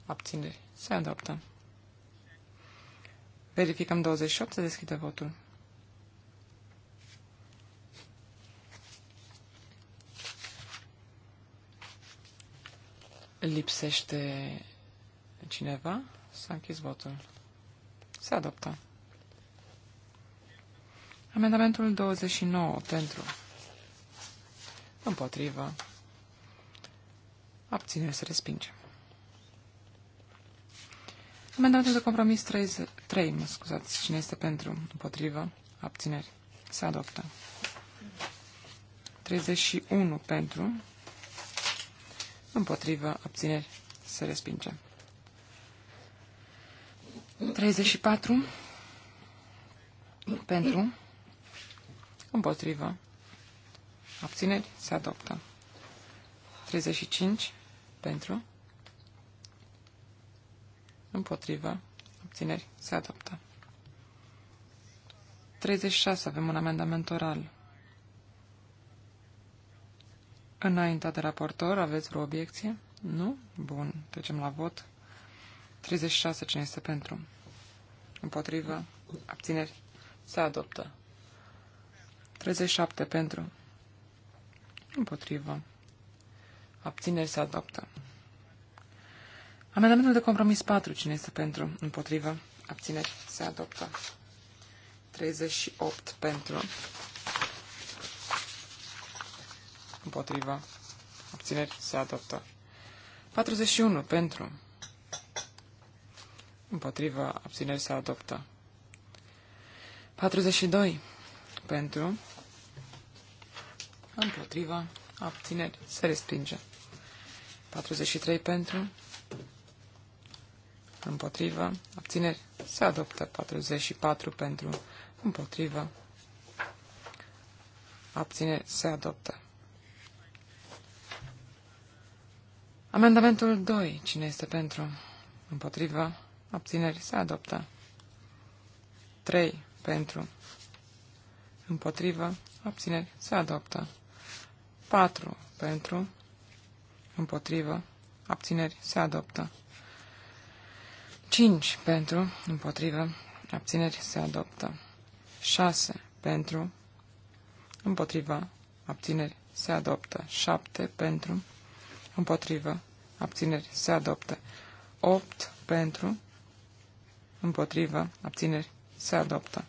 abțineri. Se adoptă. Verificăm 28, se deschide votul. Lipsește cineva? S-a închis votul. Se adoptă. Amendamentul 29 pentru. Împotrivă. Abținere se respinge. Amendamentul de compromis 3, 3 mă scuzați, cine este pentru, împotrivă, abțineri, se adoptă. 31 pentru, Împotrivă, abțineri, se respinge. 34. Pentru. Împotrivă. Abțineri, se adoptă. 35. Pentru. Împotrivă. Abțineri, se adoptă. 36. Avem un amendament oral de raportor, aveți vreo obiecție? Nu? Bun, trecem la vot. 36, cine este pentru? Împotrivă? Abțineri? Se adoptă. 37 pentru. Împotrivă. Abțineri se adoptă. Amendamentul de compromis 4. Cine este pentru? Împotrivă. Abțineri se adoptă. 38 pentru. Împotriva. Abțineri. Se adoptă. 41. Pentru. Împotriva. Abțineri. Se adoptă. 42. Pentru. Împotriva. Abțineri. Se respinge. 43. Pentru. Împotriva. Abțineri. Se adoptă. 44. Pentru. Împotriva. Abțineri. Se adoptă. Amendamentul 2. Cine este pentru? Împotrivă. Abțineri. Se adoptă. 3. Pentru. Împotrivă. Abțineri. Se adoptă. 4. Pentru. Împotrivă. Abțineri. Se adoptă. 5. Pentru. Împotrivă. Abțineri. Se adoptă. 6. Pentru. Împotriva. Abțineri. Se adoptă. 7. Pentru împotrivă, abțineri, se adoptă. 8 pentru, împotrivă, abțineri, se adoptă.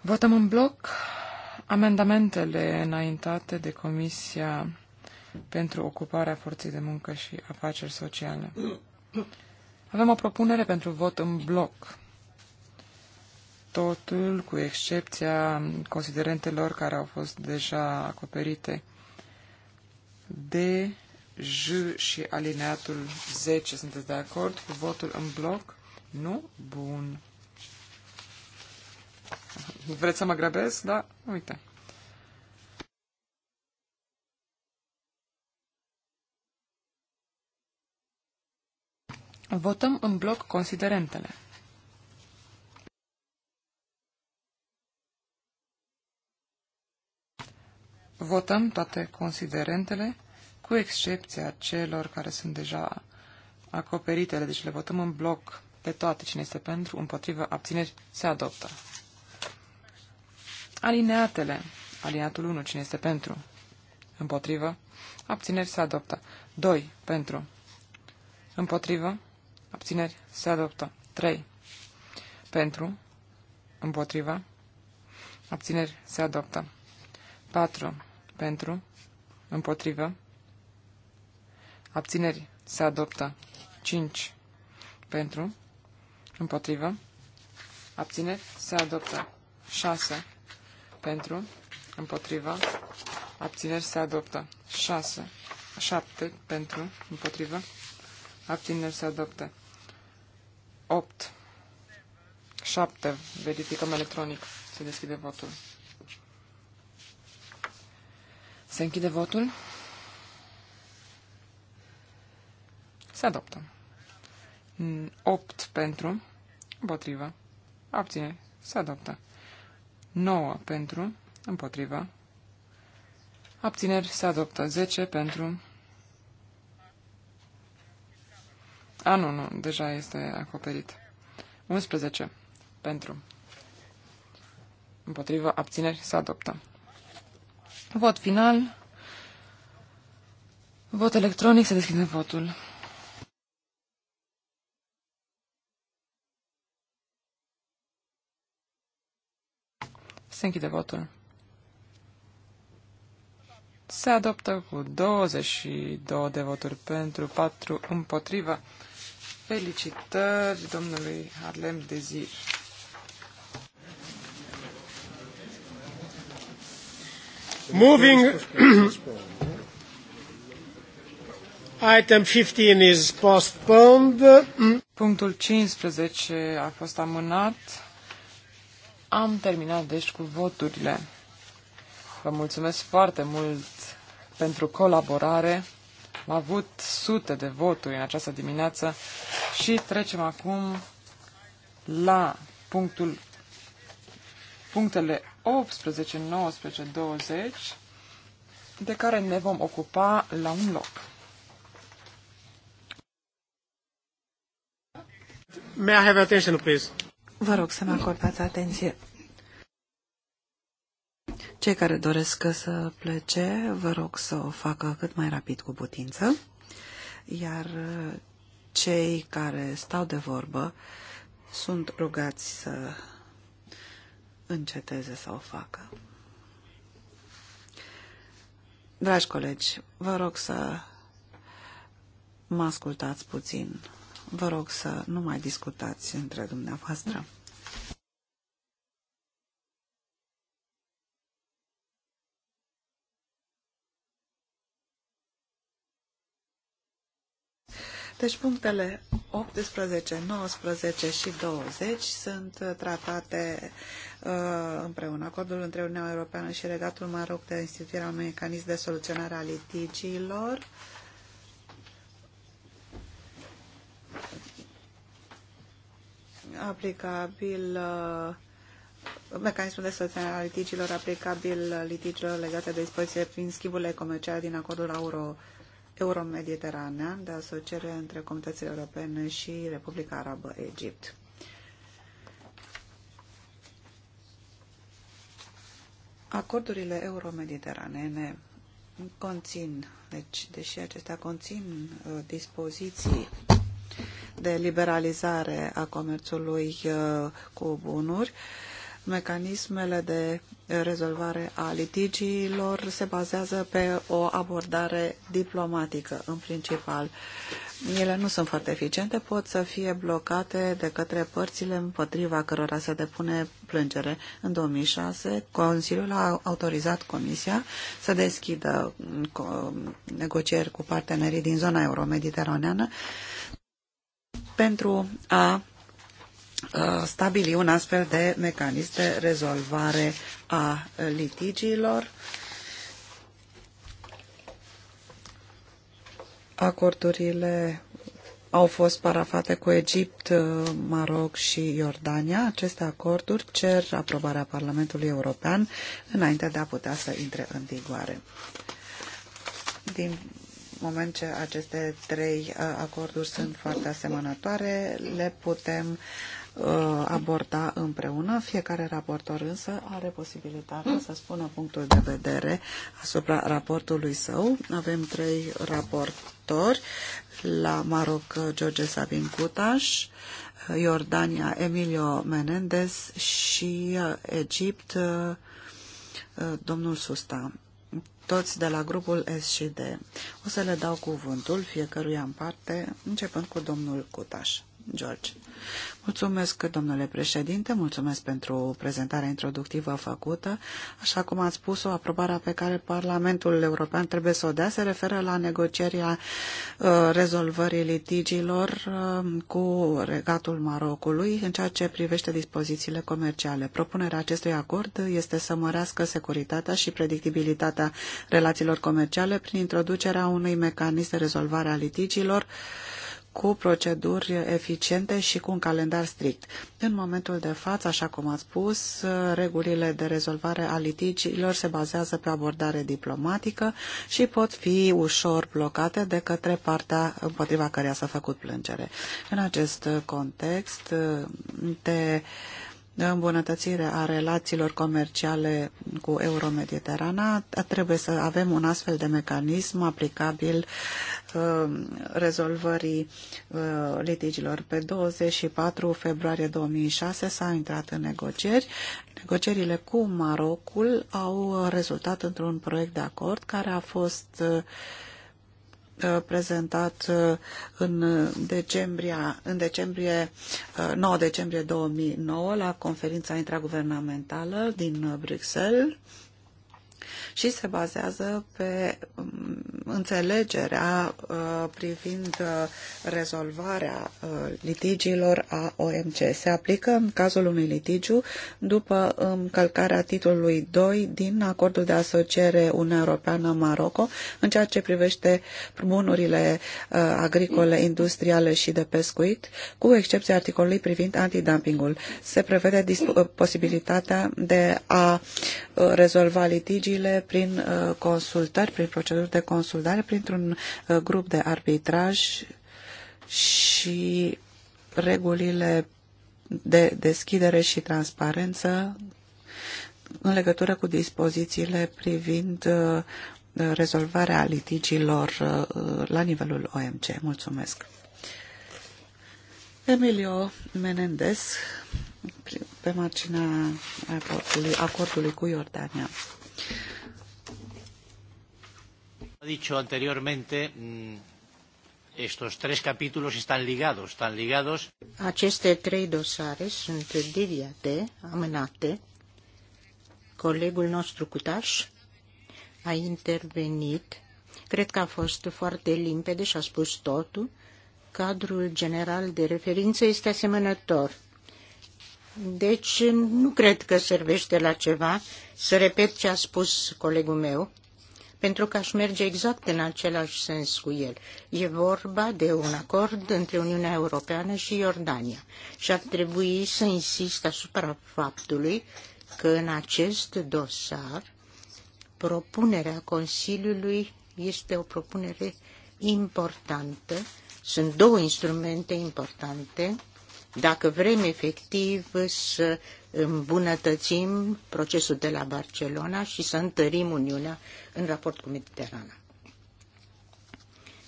Votăm în bloc amendamentele înaintate de Comisia pentru Ocuparea Forței de Muncă și Afaceri Sociale. Avem o propunere pentru vot în bloc totul, cu excepția considerentelor care au fost deja acoperite de J și alineatul 10. Sunteți de acord cu votul în bloc? Nu? Bun. Vreți să mă grăbesc? Da? Uite. Votăm în bloc considerentele. Votăm toate considerentele, cu excepția celor care sunt deja acoperitele, deci le votăm în bloc pe toate. Cine este pentru, împotrivă, abțineri, se adoptă. Alineatele. aliniatul 1. Cine este pentru? Împotrivă. Abțineri se adoptă. 2. Pentru. Împotrivă. Abțineri se adoptă. 3. Pentru. Împotrivă. Abțineri se adoptă. 4 pentru, împotrivă, abțineri, se adoptă. 5 pentru, împotrivă, abțineri, se adoptă. 6 pentru, împotrivă. abțineri, se adoptă. 6 7 pentru, împotrivă, abțineri, se adoptă. 8 7 verificăm electronic, se deschide votul. Se închide votul. Se adoptă. 8 pentru, împotrivă, abține, se adoptă. 9 pentru, împotrivă, abțineri, se adoptă. 10 pentru, a, nu, nu, deja este acoperit. 11 pentru, împotrivă, abțineri, se adoptă. Vot final. Vot electronic. Se deschide votul. Se închide votul. Se adoptă cu 22 de voturi pentru, 4 împotrivă. Felicitări domnului Harlem Dezir. Moving Item 15 is postponed. Punctul 15 a fost amânat. Am terminat deci cu voturile. Vă mulțumesc foarte mult pentru colaborare. Am avut sute de voturi în această dimineață și trecem acum la punctul punctele 18, 19, 20, de care ne vom ocupa la un loc. May I have attention, please? Vă rog să mă acordați atenție. Cei care doresc să plece, vă rog să o facă cât mai rapid cu putință, iar uh, cei care stau de vorbă sunt rugați să înceteze să o facă. Dragi colegi, vă rog să mă ascultați puțin. Vă rog să nu mai discutați între dumneavoastră. Mm. Deci punctele 18, 19 și 20 sunt uh, tratate uh, împreună. Acordul între Uniunea Europeană și Regatul Maroc de instituirea unui mecanism de soluționare a litigiilor. aplicabil uh, mecanismul de soluționare a litigiilor aplicabil litigiilor legate de dispoziție prin schimburile comerciale din acordul euro euromediteranean de asociere între comunitățile europene și Republica Arabă Egipt. Acordurile euromediteranene conțin, deci, deși acestea conțin uh, dispoziții de liberalizare a comerțului uh, cu bunuri, mecanismele de rezolvare a litigiilor se bazează pe o abordare diplomatică, în principal. Ele nu sunt foarte eficiente, pot să fie blocate de către părțile împotriva cărora se depune plângere. În 2006, Consiliul a autorizat Comisia să deschidă negocieri cu partenerii din zona euro-mediteraneană pentru a Uh, stabili un astfel de mecanism de rezolvare a litigiilor. Acordurile au fost parafate cu Egipt, uh, Maroc și Iordania. Aceste acorduri cer aprobarea Parlamentului European înainte de a putea să intre în vigoare. Din moment ce aceste trei uh, acorduri sunt foarte asemănătoare, le putem uh, Uh, aborda împreună. Fiecare raportor însă are posibilitatea să spună punctul de vedere asupra raportului său. Avem trei raportori la Maroc, George Sabin Cutaș, Iordania, Emilio Menendez și uh, Egipt, uh, domnul Susta toți de la grupul SCD. O să le dau cuvântul fiecăruia în parte, începând cu domnul Cutaș. George. Mulțumesc, domnule președinte, mulțumesc pentru prezentarea introductivă făcută. Așa cum ați spus-o, aprobarea pe care Parlamentul European trebuie să o dea se referă la negocierea uh, rezolvării litigiilor uh, cu regatul Marocului în ceea ce privește dispozițiile comerciale. Propunerea acestui acord este să mărească securitatea și predictibilitatea relațiilor comerciale prin introducerea unui mecanism de rezolvare a litigiilor uh, cu proceduri eficiente și cu un calendar strict. În momentul de față, așa cum ați spus, regulile de rezolvare a litigiilor se bazează pe abordare diplomatică și pot fi ușor blocate de către partea împotriva căreia s-a făcut plângere. În acest context, te îmbunătățire a relațiilor comerciale cu Euromediterana, trebuie să avem un astfel de mecanism aplicabil uh, rezolvării uh, litigilor. Pe 24 februarie 2006 s-a intrat în negocieri. Negocierile cu Marocul au rezultat într-un proiect de acord care a fost uh, Uh, prezentat uh, în decembrie, în decembrie 9 uh, decembrie 2009 la conferința intraguvernamentală din Bruxelles și se bazează pe um, înțelegerea uh, privind uh, rezolvarea uh, litigiilor a OMC. Se aplică în cazul unui litigiu după încălcarea titlului 2 din acordul de asociere Uniunea Europeană-Maroco în ceea ce privește bunurile agricole, industriale și de pescuit, cu excepția articolului privind antidumpingul. Se prevede posibilitatea de a rezolva litigiile prin uh, consultări, prin proceduri de consultare, printr-un uh, grup de arbitraj și regulile de deschidere și transparență în legătură cu dispozițiile privind uh, rezolvarea litigiilor la nivelul OMC. Mulțumesc! Emilio Menendez pe marginea acordului, acordului cu Iordania ha dicho anteriormente, mm, estos tres capítulos están ligados, están ligados. Aceste trei dosare sunt deviate, amânate. Colegul nostru Cutaș a intervenit. Cred că a fost foarte limpede și a spus totul. Cadrul general de referință este asemănător. Deci nu cred că servește la ceva să repet ce a spus colegul meu pentru că aș merge exact în același sens cu el. E vorba de un acord între Uniunea Europeană și Iordania și ar trebui să insist asupra faptului că în acest dosar propunerea Consiliului este o propunere importantă. Sunt două instrumente importante dacă vrem efectiv să îmbunătățim procesul de la Barcelona și să întărim Uniunea în raport cu Mediterana.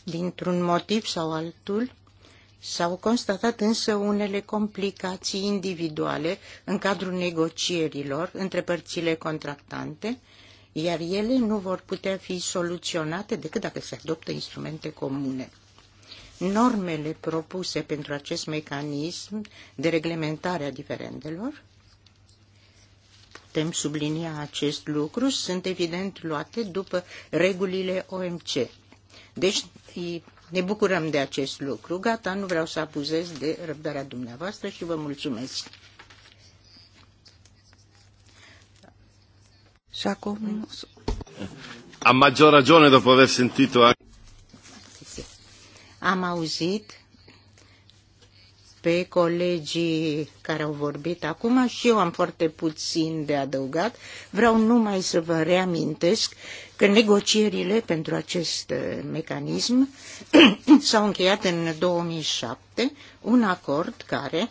Dintr-un motiv sau altul, S-au constatat însă unele complicații individuale în cadrul negocierilor între părțile contractante, iar ele nu vor putea fi soluționate decât dacă se adoptă instrumente comune normele propuse pentru acest mecanism de reglementare a diferendelor, putem sublinia acest lucru, sunt evident luate după regulile OMC. Deci ne bucurăm de acest lucru. Gata, nu vreau să abuzez de răbdarea dumneavoastră și vă mulțumesc. Și acum... A maggior ragione dopo aver sentito am auzit pe colegii care au vorbit acum și eu am foarte puțin de adăugat. Vreau numai să vă reamintesc că negocierile pentru acest eh, mecanism s-au încheiat în 2007, un acord care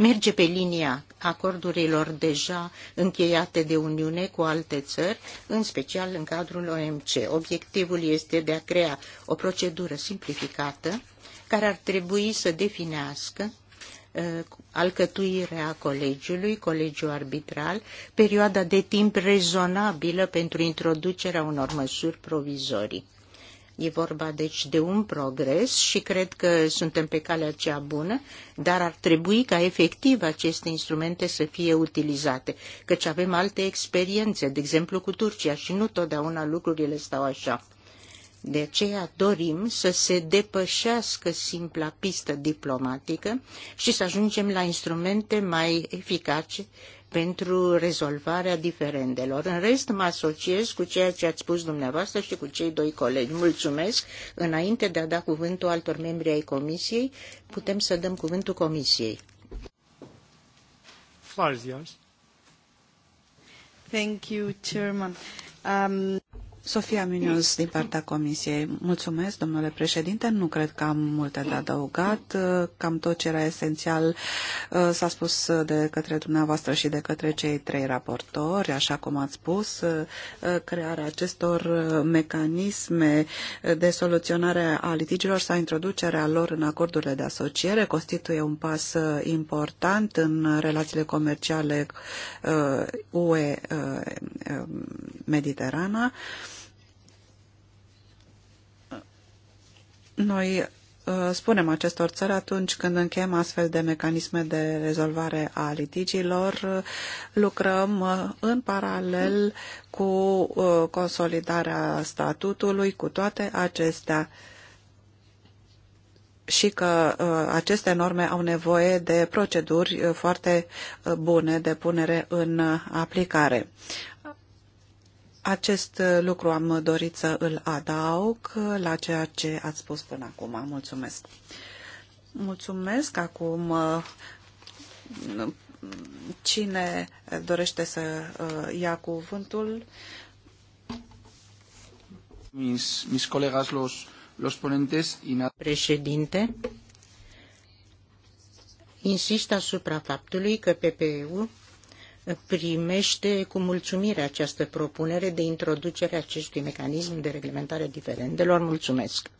merge pe linia acordurilor deja încheiate de Uniune cu alte țări, în special în cadrul OMC. Obiectivul este de a crea o procedură simplificată care ar trebui să definească ă, alcătuirea colegiului, colegiul arbitral, perioada de timp rezonabilă pentru introducerea unor măsuri provizorii. E vorba deci de un progres și cred că suntem pe calea cea bună, dar ar trebui ca efectiv aceste instrumente să fie utilizate, căci avem alte experiențe, de exemplu cu Turcia și nu totdeauna lucrurile stau așa. De aceea dorim să se depășească simpla pistă diplomatică și să ajungem la instrumente mai eficace pentru rezolvarea diferendelor. În rest, mă asociez cu ceea ce ați spus dumneavoastră și cu cei doi colegi. Mulțumesc. Înainte de a da cuvântul altor membri ai comisiei, putem să dăm cuvântul comisiei. Thank you, Chairman. Um... Sofia Minus, din partea Comisiei. Mulțumesc, domnule președinte. Nu cred că am multe de adăugat. Cam tot ce era esențial uh, s-a spus de către dumneavoastră și de către cei trei raportori, așa cum ați spus, uh, crearea acestor uh, mecanisme de soluționare a litigilor sau introducerea lor în acordurile de asociere constituie un pas important în relațiile comerciale UE-Mediterana. Noi uh, spunem acestor țări atunci când încheiem astfel de mecanisme de rezolvare a litigiilor, lucrăm uh, în paralel cu uh, consolidarea statutului, cu toate acestea și că aceste norme au nevoie de proceduri foarte bune de punere în aplicare. Acest uh, lucru am dorit să îl adaug uh, la ceea ce ați spus până acum. Mulțumesc. Mulțumesc. Acum, uh, cine dorește să ia cuvântul? Mis, mis colegas, los, los ponentes... Președinte, insist asupra faptului că PPU primește cu mulțumire această propunere de introducere a acestui mecanism de reglementare a diferendelor. Mulțumesc!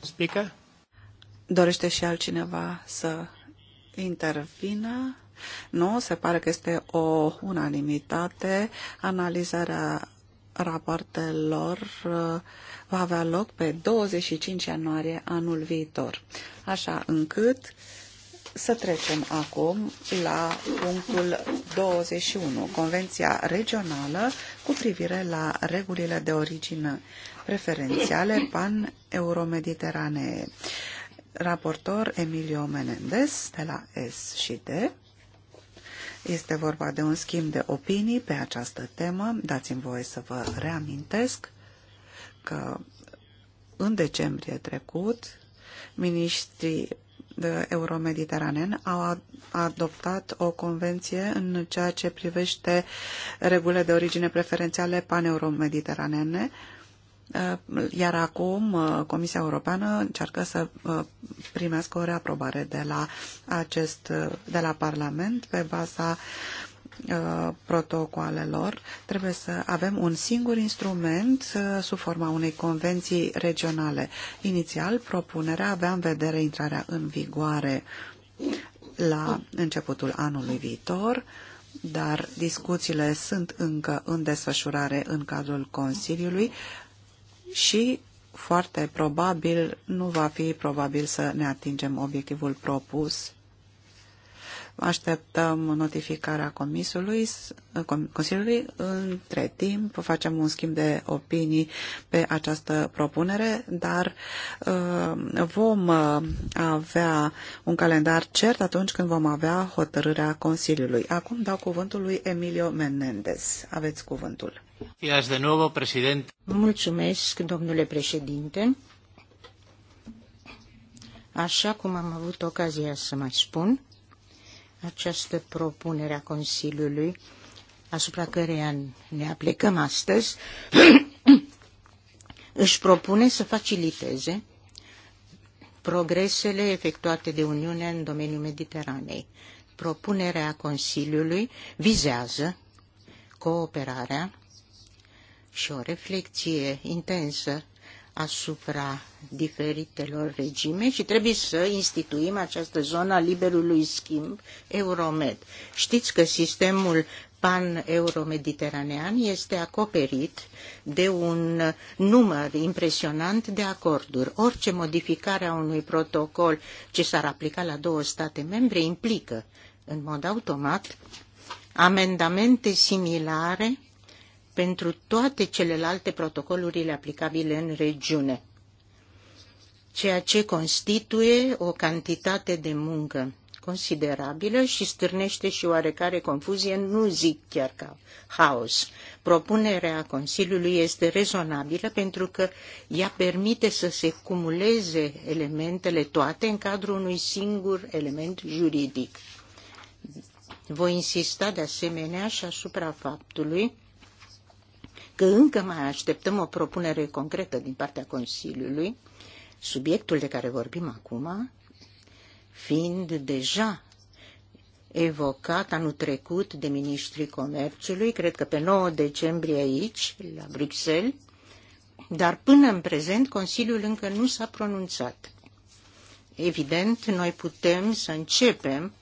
Speaker? Dorește și altcineva să intervină? Nu, se pare că este o unanimitate. Analizarea rapoartelor uh, va avea loc pe 25 ianuarie anul viitor. Așa încât să trecem acum la punctul 21, Convenția regională cu privire la regulile de origine preferențiale pan-euromediteranee. Raportor Emilio Menendez de la S și D. Este vorba de un schimb de opinii pe această temă. Dați-mi voie să vă reamintesc că în decembrie trecut, ministrii euromediteranen au adoptat o convenție în ceea ce privește regulile de origine preferențiale paneuromediteranene, uh, iar acum uh, Comisia Europeană încearcă să uh, primească o reaprobare de la, acest, de la Parlament pe baza Uh, protocoalelor, trebuie să avem un singur instrument uh, sub forma unei convenții regionale. Inițial, propunerea avea în vedere intrarea în vigoare la începutul anului viitor, dar discuțiile sunt încă în desfășurare în cadrul Consiliului și foarte probabil nu va fi probabil să ne atingem obiectivul propus Așteptăm notificarea comisului, Consiliului. Între timp facem un schimb de opinii pe această propunere, dar uh, vom uh, avea un calendar cert atunci când vom avea hotărârea Consiliului. Acum dau cuvântul lui Emilio Menendez. Aveți cuvântul. de președinte. Mulțumesc, domnule președinte. Așa cum am avut ocazia să mai spun, această propunere a Consiliului, asupra căreia ne aplicăm astăzi, își propune să faciliteze progresele efectuate de Uniune în domeniul Mediteranei. Propunerea Consiliului vizează cooperarea și o reflecție intensă asupra diferitelor regime și trebuie să instituim această zonă a liberului schimb Euromed. Știți că sistemul pan-euromediteranean este acoperit de un număr impresionant de acorduri. Orice modificare a unui protocol ce s-ar aplica la două state membre implică în mod automat amendamente similare pentru toate celelalte protocolurile aplicabile în regiune, ceea ce constituie o cantitate de muncă considerabilă și stârnește și oarecare confuzie, nu zic chiar ca haos. Propunerea Consiliului este rezonabilă pentru că ea permite să se cumuleze elementele toate în cadrul unui singur element juridic. Voi insista de asemenea și asupra faptului că încă mai așteptăm o propunere concretă din partea Consiliului, subiectul de care vorbim acum fiind deja evocat anul trecut de ministrii comerțului, cred că pe 9 decembrie aici, la Bruxelles, dar până în prezent Consiliul încă nu s-a pronunțat. Evident, noi putem să începem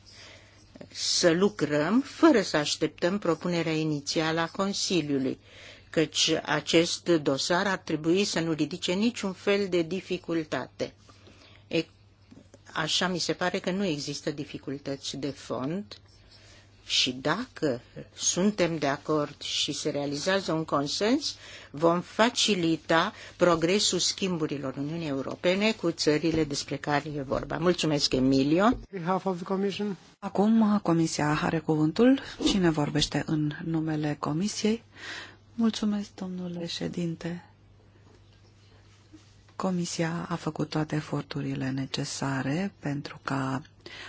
să lucrăm fără să așteptăm propunerea inițială a Consiliului căci acest dosar ar trebui să nu ridice niciun fel de dificultate. E, așa mi se pare că nu există dificultăți de fond și dacă suntem de acord și se realizează un consens, vom facilita progresul schimburilor Uniunii Europene cu țările despre care e vorba. Mulțumesc, Emilio. Acum Comisia are cuvântul. Cine vorbește în numele Comisiei? Mulțumesc, domnule președinte. Comisia a făcut toate eforturile necesare pentru ca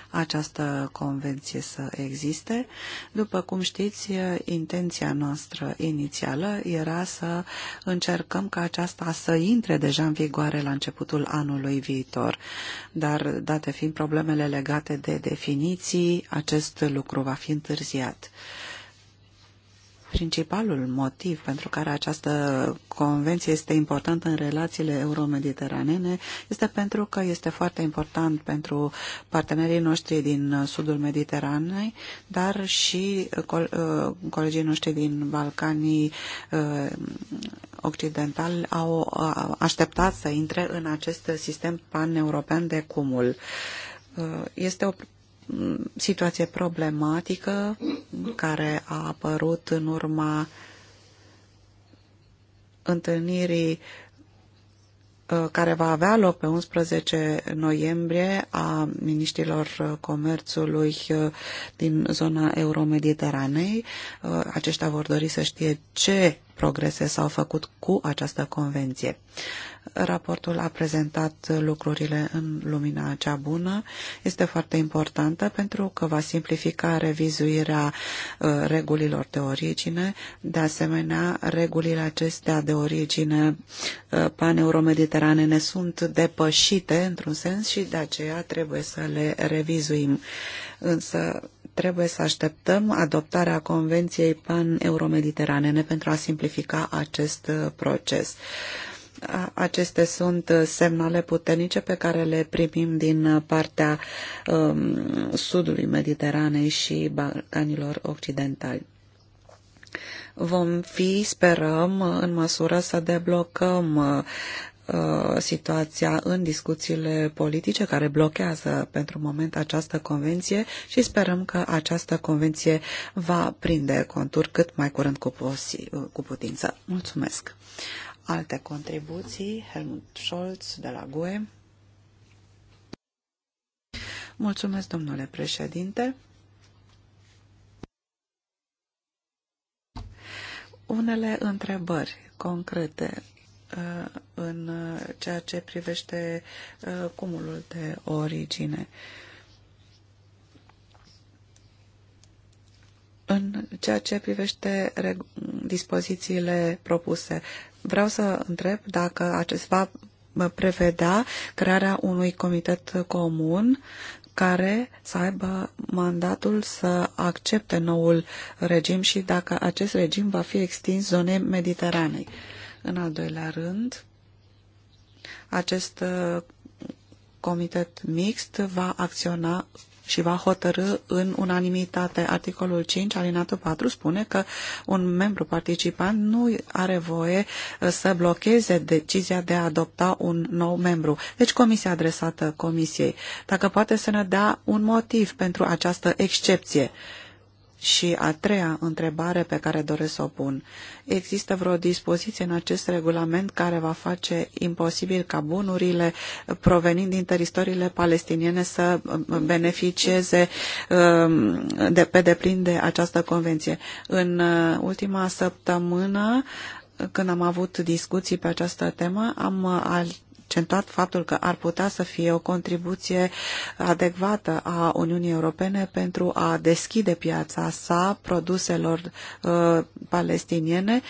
această convenție să existe. După cum știți, intenția noastră inițială era să încercăm ca aceasta să intre deja în vigoare la începutul anului viitor. Dar, date fiind problemele legate de definiții, acest lucru va fi întârziat. Uh, Principalul motiv pentru care această convenție este importantă în relațiile euromediteranene este pentru că este foarte important pentru partenerii noștri din sudul Mediteranei, dar și uh, colegii noștri din Balcanii uh, occidentali au uh, așteptat să intre în acest sistem pan-european de cumul. Este o situație problematică care a apărut în urma întâlnirii uh, care va avea loc pe 11 noiembrie a miniștrilor uh, comerțului uh, din zona euromediteranei. Aceștia vor dori să știe ce progrese s-au făcut cu această convenție. Raportul a prezentat lucrurile în lumina cea bună. Este foarte importantă pentru că va simplifica revizuirea uh, regulilor de origine. De asemenea, regulile acestea de origine uh, paneuromediterane ne sunt depășite într-un sens și de aceea trebuie să le revizuim. Însă trebuie să așteptăm adoptarea Convenției Pan-Euromediteranene pentru a simplifica acest uh, proces. Aceste sunt uh, semnale puternice pe care le primim din uh, partea um, sudului Mediteranei și Balcanilor Occidentali vom fi, sperăm, în măsură să deblocăm Uh, situația în discuțiile politice care blochează pentru moment această convenție și sperăm că această convenție va prinde contur cât mai curând cu, posi, uh, cu putință. Mulțumesc! Alte contribuții, Helmut Scholz de la GUE. Mulțumesc, domnule președinte. Unele întrebări concrete Uh, în ceea ce privește uh, cumulul de origine. În ceea ce privește dispozițiile propuse, vreau să întreb dacă acest va prevedea crearea unui comitet comun care să aibă mandatul să accepte noul regim și dacă acest regim va fi extins zonei Mediteranei. În al doilea rând, acest uh, comitet mixt va acționa și va hotărâ în unanimitate. Articolul 5, alinatul 4, spune că un membru participant nu are voie uh, să blocheze decizia de a adopta un nou membru. Deci comisia adresată comisiei, dacă poate să ne dea un motiv pentru această excepție. Uh, și a treia întrebare pe care doresc să o pun. Există vreo dispoziție în acest regulament care va face imposibil ca bunurile provenind din teritoriile palestiniene să um, beneficieze um, de, pe deplin de această convenție? În uh, ultima săptămână când am avut discuții pe această temă, am uh, accentuat faptul că ar putea să fie o contribuție adecvată a Uniunii Europene pentru a deschide piața sa produselor uh, palestiniene,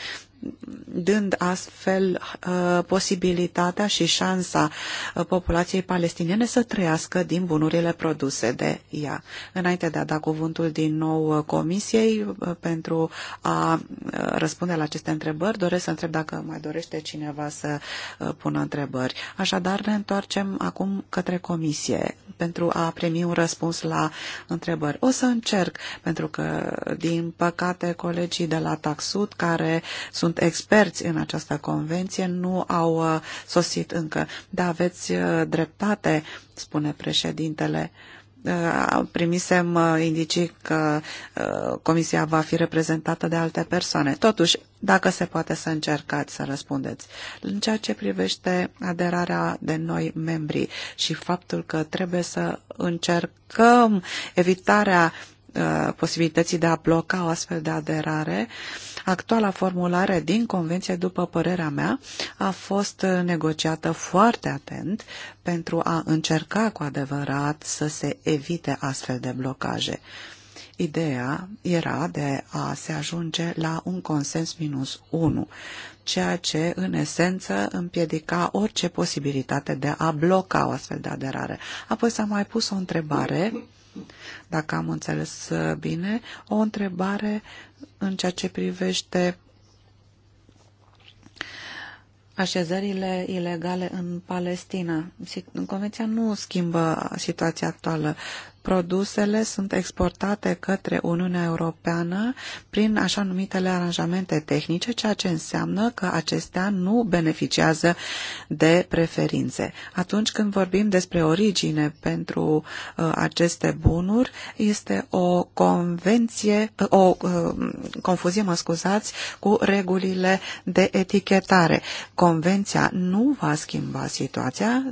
dând astfel uh, posibilitatea și șansa uh, populației palestiniene să trăiască din bunurile produse de ea. Înainte de a da cuvântul din nou uh, Comisiei pentru a răspunde la aceste întrebări, doresc să întreb dacă mai dorește cineva să pună întrebări. Așadar, ne întoarcem acum către Comisie pentru a primi un răspuns la întrebări. O să încerc, pentru că, din păcate, colegii de la Taxud, care sunt sunt experți în această convenție nu au uh, sosit încă. Da, aveți uh, dreptate, spune președintele. Uh, primisem indicii că comisia va fi reprezentată de alte persoane. Totuși, dacă se poate să încercați să răspundeți. În ceea ce privește aderarea de noi membri și faptul că trebuie să încercăm evitarea posibilității de a bloca o astfel de aderare, uh, Actuala formulare din convenție, după părerea mea, a fost negociată foarte atent pentru a încerca cu adevărat să se evite astfel de blocaje. Ideea era de a se ajunge la un consens minus 1, ceea ce, în esență, împiedica orice posibilitate de a bloca o astfel de aderare. Apoi s-a mai pus o întrebare dacă am înțeles uh, bine, o întrebare în ceea ce privește așezările ilegale în Palestina. Convenția nu schimbă situația actuală produsele sunt exportate către Uniunea Europeană prin așa numitele aranjamente tehnice, ceea ce înseamnă că acestea nu beneficiază de preferințe. Atunci când vorbim despre origine pentru uh, aceste bunuri, este o convenție, uh, o uh, confuzie, mă scuzați, cu regulile de etichetare. Convenția nu va schimba situația,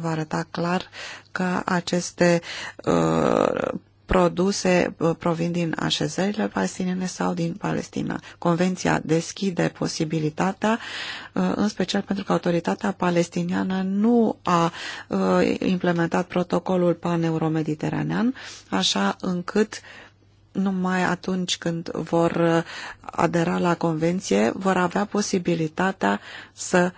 va arăta clar uh, ca aceste uh, produse uh, provin din așezările palestinene sau din Palestina. Convenția deschide posibilitatea, uh, în special pentru că autoritatea palestiniană nu a uh, implementat protocolul Paneuromediteranean, așa încât numai atunci când vor adera la convenție vor avea posibilitatea să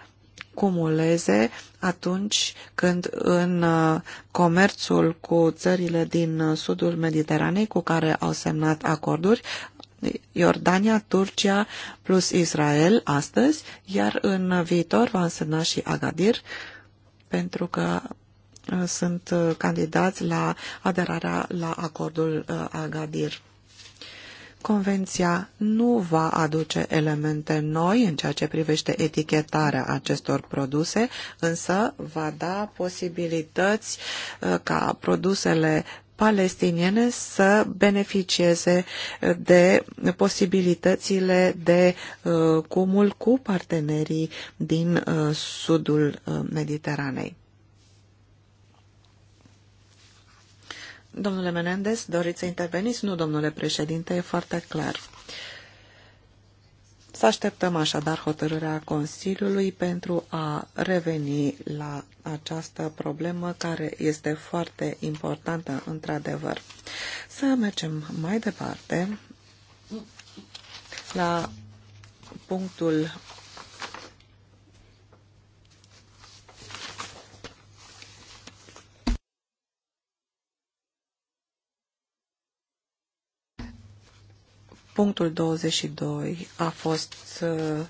cumuleze atunci când în uh, comerțul cu țările din uh, sudul Mediteranei cu care au semnat acorduri, Iordania, Turcia plus Israel astăzi, iar în viitor va însemna și Agadir, pentru că uh, sunt candidați la aderarea la acordul Agadir. Convenția nu va aduce elemente noi în ceea ce privește etichetarea acestor produse, însă va da posibilități uh, ca produsele palestiniene să beneficieze uh, de posibilitățile de uh, cumul cu partenerii din sudul Mediteranei. Domnule Menendez, doriți să interveniți? Nu, domnule președinte, e foarte clar. Să așteptăm așadar hotărârea Consiliului pentru a reveni la această problemă care este foarte importantă, într-adevăr. Să mergem mai departe la punctul Punctul 22 a fost uh,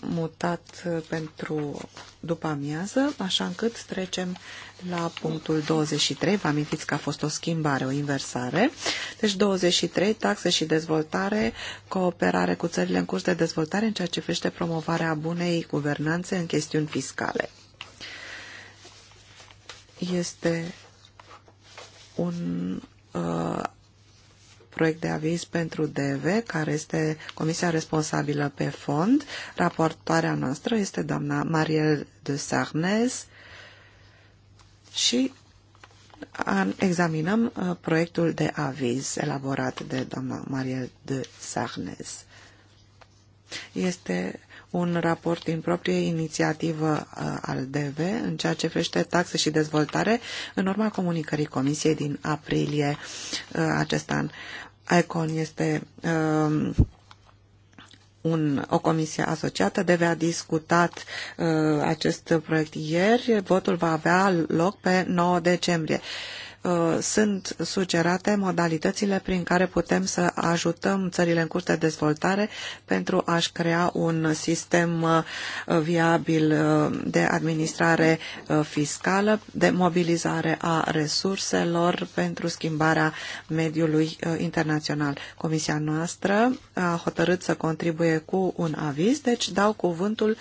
mutat uh, pentru după amiază, așa încât trecem la punctul 23. Vă amintiți că a fost o schimbare, o inversare. Deci 23, taxe și dezvoltare, cooperare cu țările în curs de dezvoltare în ceea ce privește promovarea bunei guvernanțe în chestiuni fiscale. Este un uh, proiect de aviz pentru DV, care este comisia responsabilă pe fond. Raportoarea noastră este doamna Mariel de Sarnez și examinăm uh, proiectul de aviz elaborat de doamna Mariel de Sarnez. Este un raport din proprie inițiativă uh, al DV în ceea ce privește taxe și dezvoltare în urma comunicării Comisiei din aprilie uh, acest an. ICON este uh, un, o comisie asociată. Deve a discutat uh, acest proiect ieri. Votul va avea loc pe 9 decembrie. Uh, Uh, sunt sugerate modalitățile prin care putem să ajutăm țările în curs de dezvoltare pentru a-și crea un sistem uh, viabil uh, de administrare fiscală, de mobilizare a resurselor pentru schimbarea mediului internațional. Comisia noastră a hotărât să contribuie cu un aviz, deci dau cuvântul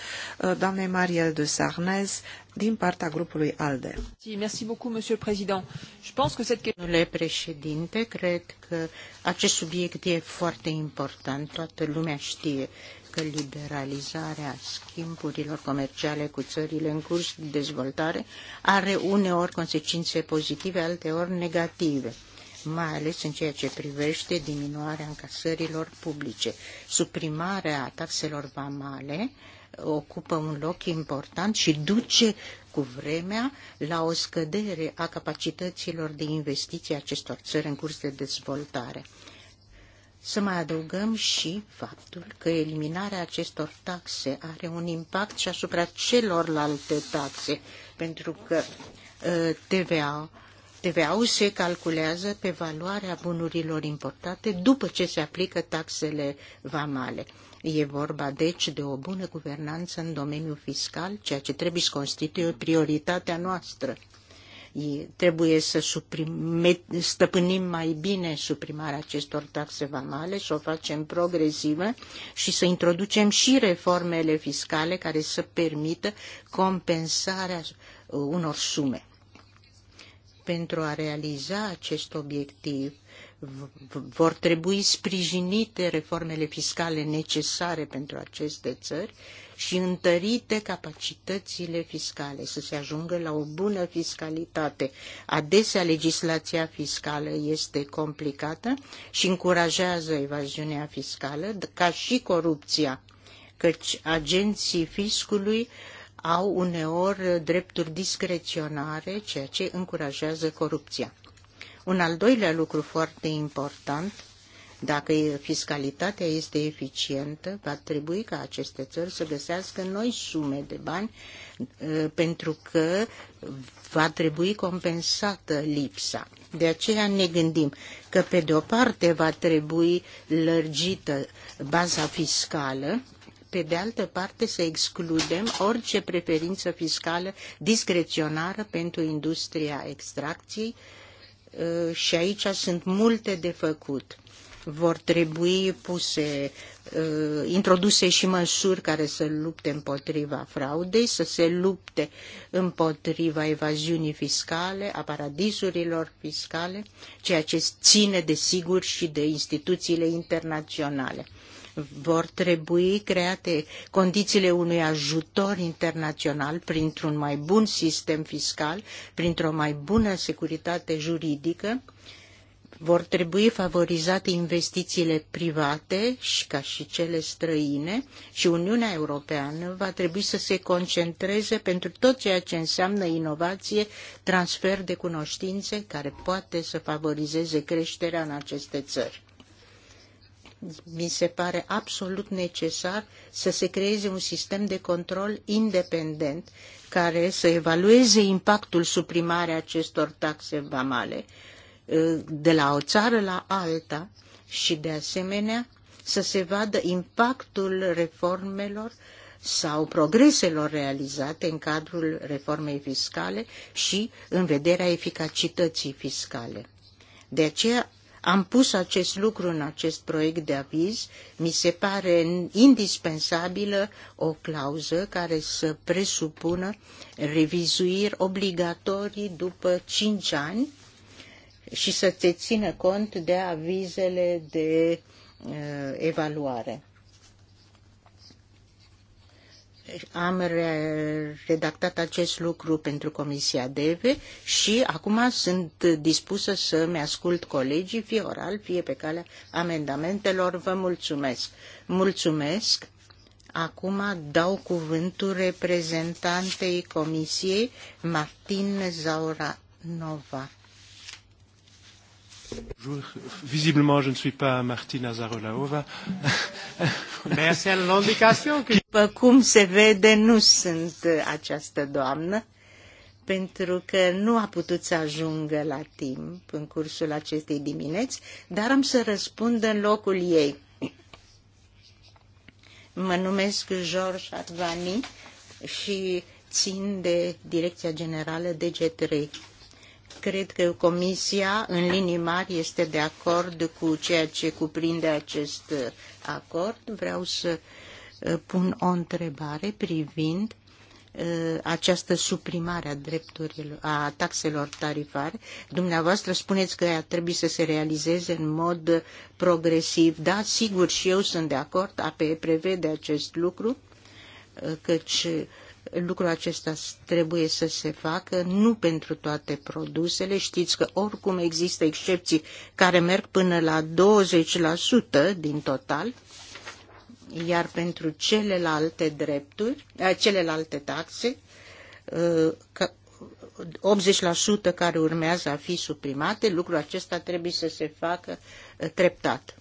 doamnei Marie de Sarnez, din partea grupului ALDE. Domnule președinte, cred că acest subiect e foarte important. Toată lumea știe că liberalizarea schimburilor comerciale cu țările în curs de dezvoltare are uneori consecințe pozitive, alteori negative mai ales în ceea ce privește diminuarea încasărilor publice, suprimarea taxelor vamale, uh, ocupă un loc important și duce cu vremea la o scădere a capacităților de investiție acestor țări în curs de dezvoltare. Să mai adăugăm și faptul că eliminarea acestor taxe are un impact și asupra celorlalte taxe, pentru că ă, TVA, TVA-ul se calculează pe valoarea bunurilor importate după ce se aplică taxele vamale. E vorba, deci, de o bună guvernanță în domeniul fiscal, ceea ce trebuie să constituie prioritatea noastră. Trebuie să suprime, stăpânim mai bine suprimarea acestor taxe vamale, să o facem progresivă și să introducem și reformele fiscale care să permită compensarea uh, unor sume. Pentru a realiza acest obiectiv, vor trebui sprijinite reformele fiscale necesare pentru aceste țări și întărite capacitățile fiscale, să se ajungă la o bună fiscalitate. Adesea legislația fiscală este complicată și încurajează evaziunea fiscală, ca și corupția, căci agenții fiscului au uneori drepturi discreționare, ceea ce încurajează corupția. Un al doilea lucru foarte important, dacă fiscalitatea este eficientă, va trebui ca aceste țări să găsească noi sume de bani ă, pentru că va trebui compensată lipsa. De aceea ne gândim că, pe de o parte, va trebui lărgită baza fiscală, pe de altă parte să excludem orice preferință fiscală discreționară pentru industria extracției, Uh, și aici sunt multe de făcut. Vor trebui puse, uh, introduse și măsuri care să lupte împotriva fraudei, să se lupte împotriva evaziunii fiscale, a paradisurilor fiscale, ceea ce ține de sigur și de instituțiile internaționale vor trebui create condițiile unui ajutor internațional printr-un mai bun sistem fiscal, printr-o mai bună securitate juridică, vor trebui favorizate investițiile private și ca și cele străine și Uniunea Europeană va trebui să se concentreze pentru tot ceea ce înseamnă inovație, transfer de cunoștințe care poate să favorizeze creșterea în aceste țări mi se pare absolut necesar să se creeze un sistem de control independent care să evalueze impactul suprimării acestor taxe vamale ă, de la o țară la alta și, de asemenea, să se vadă impactul reformelor sau progreselor realizate în cadrul reformei fiscale și în vederea eficacității fiscale. De aceea am pus acest lucru în acest proiect de aviz. Mi se pare indispensabilă o clauză care să presupună revizuiri obligatorii după 5 ani și să se țină cont de avizele de uh, evaluare am redactat acest lucru pentru Comisia DEVE și acum sunt dispusă să-mi ascult colegii, fie oral, fie pe calea amendamentelor. Vă mulțumesc! Mulțumesc! Acum dau cuvântul reprezentantei Comisiei, Martin Zaura Nova. Visiblement, je ne suis pas Martina Zarolaova. Mais c'est l'indication que... După cum se vede, nu sunt această doamnă, pentru că nu a putut să ajungă la timp în cursul acestei dimineți, dar am să răspund în locul ei. Mă numesc George Arvani și țin de Direcția Generală DG3. Cred că Comisia, în linii mari, este de acord cu ceea ce cuprinde acest acord. Vreau să uh, Uh, pun o întrebare privind uh, această suprimare a drepturilor, a taxelor tarifare. Dumneavoastră spuneți că ea trebuie să se realizeze în mod progresiv. Da, sigur, și eu sunt de acord, APE prevede acest lucru, uh, căci lucrul acesta trebuie să se facă, nu pentru toate produsele. Știți că oricum există excepții care merg până la 20% din total iar pentru celelalte drepturi, eh, celelalte taxe, 80% eh, care urmează a fi suprimate, lucrul acesta trebuie să se facă eh, treptat.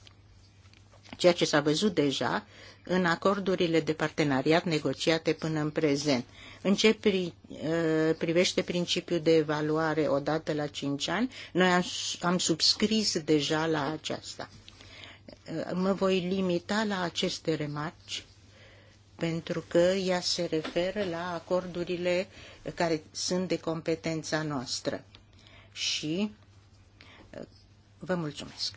Ceea ce s-a văzut deja în acordurile de parteneriat negociate până în prezent. În ce pri, privește principiul de evaluare odată la 5 ani, noi am, am subscris deja la aceasta mă voi limita la aceste remarci, pentru că ea se referă la acordurile care sunt de competența noastră. Și vă mulțumesc.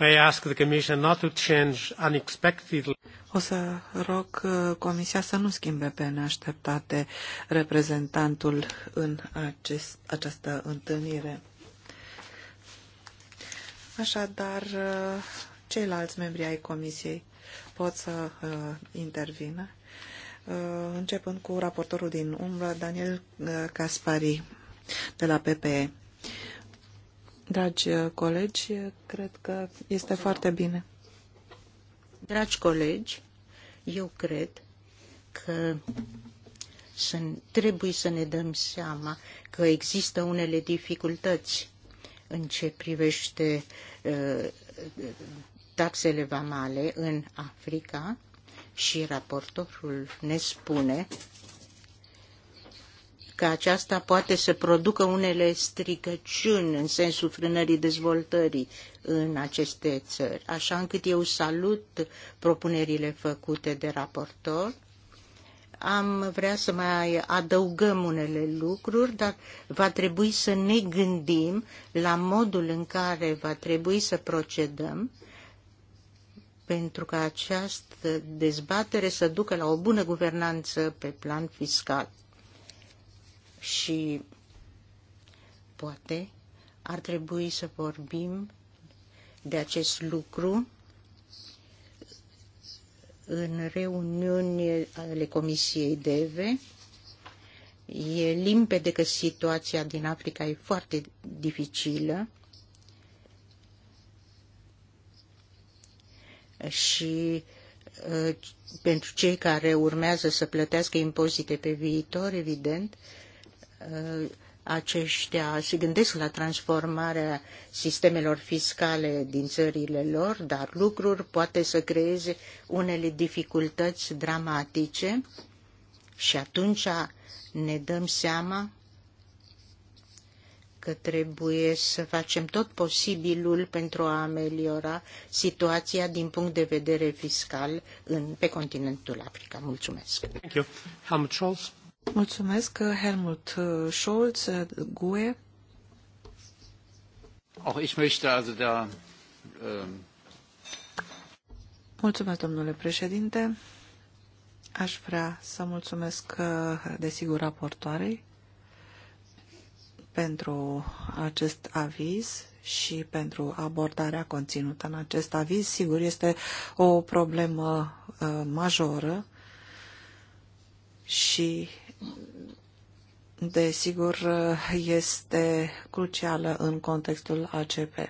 I ask the Commission not to change unexpectedly. O să rog uh, Comisia să nu schimbe pe neașteptate reprezentantul în acest, această întâlnire. Așadar, uh, ceilalți membri ai comisiei pot să uh, intervină, uh, începând cu raportorul din umbră, Daniel uh, Caspari, de la PPE. Dragi uh, colegi, cred că este foarte bine. Dragi colegi, eu cred că sunt, trebuie să ne dăm seama că există unele dificultăți în ce privește uh, taxele vamale în Africa și raportorul ne spune că aceasta poate să producă unele stricăciuni în sensul frânării dezvoltării în aceste țări, așa încât eu salut propunerile făcute de raportor am vrea să mai adăugăm unele lucruri, dar va trebui să ne gândim la modul în care va trebui să procedăm pentru ca această dezbatere să ducă la o bună guvernanță pe plan fiscal. Și poate ar trebui să vorbim de acest lucru în reuniuni ale Comisiei DEVE. E limpede că situația din Africa e foarte dificilă și uh, pentru cei care urmează să plătească impozite pe viitor, evident, uh, aceștia se gândesc la transformarea sistemelor fiscale din țările lor, dar lucruri poate să creeze unele dificultăți dramatice și atunci ne dăm seama că trebuie să facem tot posibilul pentru a ameliora situația din punct de vedere fiscal în, pe continentul Africa. Mulțumesc. Thank you. Mulțumesc, uh, Helmut uh, Scholz, uh, GUE. Auch ich möchte also da, ähm, Mulțumesc, domnule președinte. Aș vrea să mulțumesc, desigur, raportoarei pentru acest aviz și pentru abordarea conținută în acest aviz. Sigur, este o problemă uh, majoră și desigur, este crucială în contextul ACP.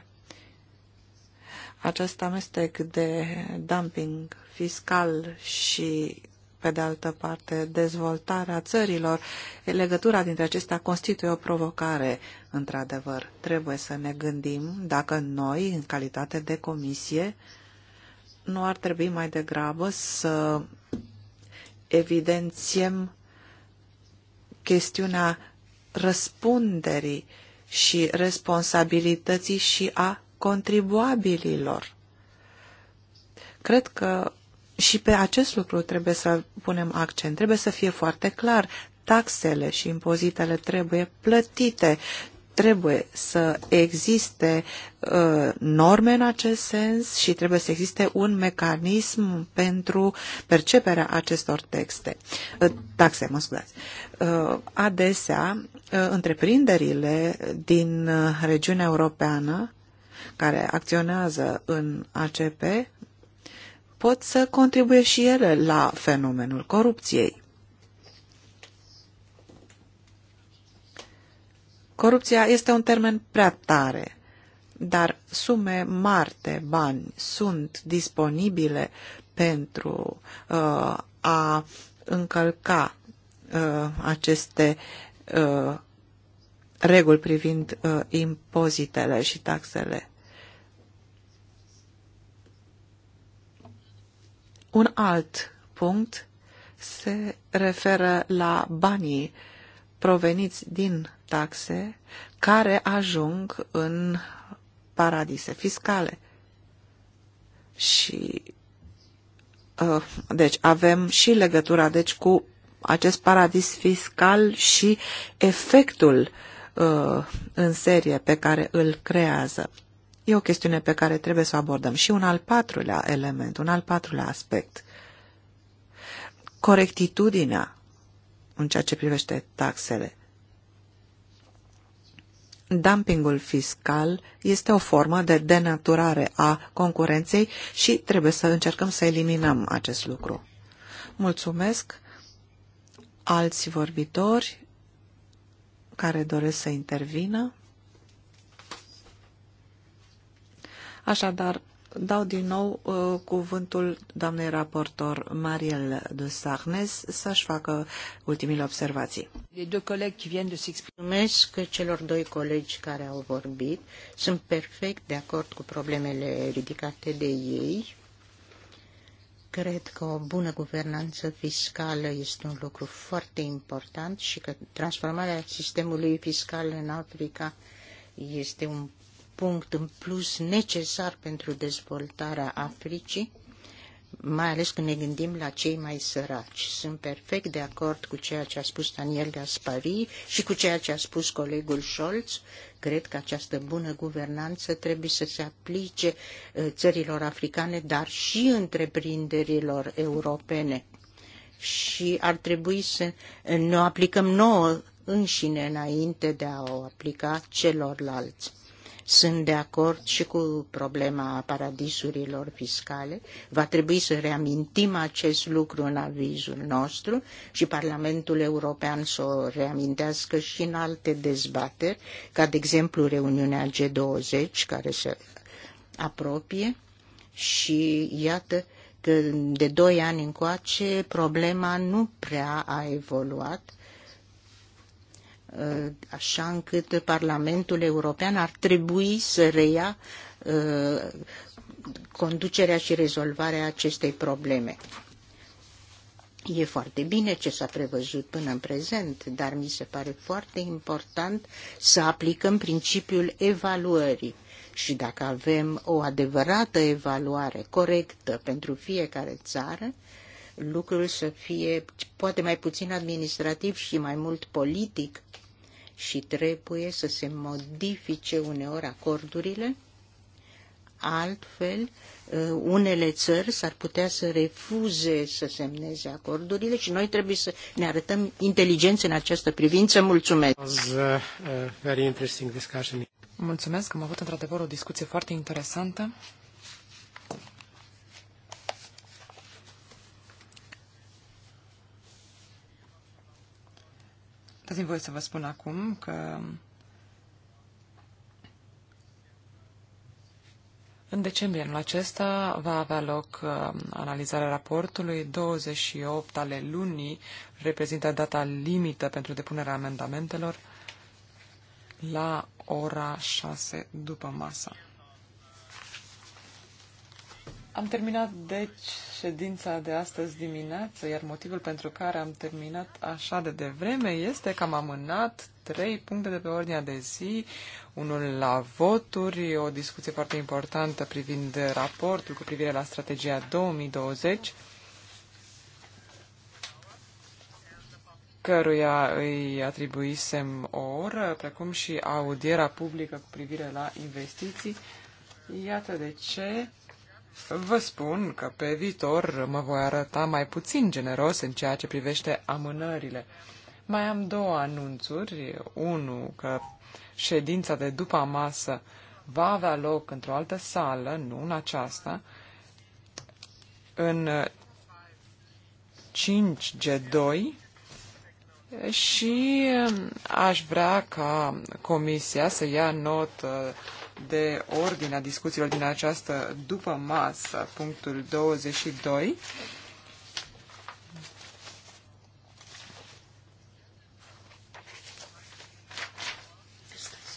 Acest amestec de dumping fiscal și, pe de altă parte, dezvoltarea țărilor, legătura dintre acestea constituie o provocare. Într-adevăr, trebuie să ne gândim dacă noi, în calitate de comisie, nu ar trebui mai degrabă să evidențiem chestiunea răspunderii și responsabilității și a contribuabililor. Cred că și pe acest lucru trebuie să punem accent. Trebuie să fie foarte clar. Taxele și impozitele trebuie plătite trebuie să existe uh, norme în acest sens și trebuie să existe un mecanism pentru perceperea acestor texte, uh, taxe, mă scuzați. Uh, adesea, uh, întreprinderile din uh, regiunea europeană care acționează în ACP pot să contribuie și ele la fenomenul corupției. Corupția este un termen prea tare, dar sume mari de bani sunt disponibile pentru uh, a încălca uh, aceste uh, reguli privind uh, impozitele și taxele. Un alt punct se referă la banii uh, proveniți din taxe care ajung în paradise fiscale. Și uh, deci avem și legătura deci cu acest paradis fiscal și efectul uh, în serie pe care îl creează. E o chestiune pe care trebuie să o abordăm. Și un al patrulea element, un al patrulea aspect. Corectitudinea în ceea ce privește taxele. Dumpingul fiscal este o formă de denaturare a concurenței și trebuie să încercăm să eliminăm acest lucru. Mulțumesc alți vorbitori care doresc să intervină. Așadar, dau din nou uh, cuvântul doamnei raportor Mariel de Sarnes să-și facă ultimile observații. că celor doi colegi care au vorbit. Sunt perfect de acord cu problemele ridicate de ei. Cred că o bună guvernanță fiscală este un lucru foarte important și că transformarea sistemului fiscal în Africa este un punct în plus necesar pentru dezvoltarea Africii, mai ales când ne gândim la cei mai săraci. Sunt perfect de acord cu ceea ce a spus Daniel Gaspari și cu ceea ce a spus colegul Scholz. Cred că această bună guvernanță trebuie să se aplice uh, țărilor africane, dar și întreprinderilor europene. Și ar trebui să ne aplicăm nouă înșine înainte de a o aplica celorlalți. Sunt de acord și cu problema paradisurilor fiscale. Va trebui să reamintim acest lucru în avizul nostru și Parlamentul European să o reamintească și în alte dezbateri, ca de exemplu reuniunea G20 care se apropie și iată că de doi ani încoace problema nu prea a evoluat Uh, așa încât Parlamentul European ar trebui să reia uh, conducerea și rezolvarea acestei probleme. E foarte bine ce s-a prevăzut până în prezent, dar mi se pare foarte important să aplicăm principiul evaluării. Și dacă avem o adevărată evaluare corectă pentru fiecare țară, lucrul să fie poate mai puțin administrativ și mai mult politic, și trebuie să se modifice uneori acordurile, altfel uh, unele țări s-ar putea să refuze să semneze acordurile și noi trebuie să ne arătăm inteligență în această privință. Mulțumesc! Uh, uh, Mulțumesc, am avut într-adevăr o discuție foarte interesantă. Dați-mi voie să vă spun acum că În decembrie anul acesta va avea loc uh, analizarea raportului. 28 ale lunii reprezintă data limită pentru depunerea amendamentelor la ora 6 după masa. Am terminat, deci, ședința de astăzi dimineață, iar motivul pentru care am terminat așa de devreme este că am amânat trei puncte de pe ordinea de zi, unul la voturi, o discuție foarte importantă privind raportul cu privire la strategia 2020, căruia îi atribuisem o oră, precum și audierea publică cu privire la investiții. Iată de ce Vă spun că pe viitor mă voi arăta mai puțin generos în ceea ce privește amânările. Mai am două anunțuri. Unul, că ședința de după masă va avea loc într-o altă sală, nu în aceasta, în 5G2 și um, aș vrea ca comisia să ia notă de ordinea discuțiilor din această după masă, punctul 22.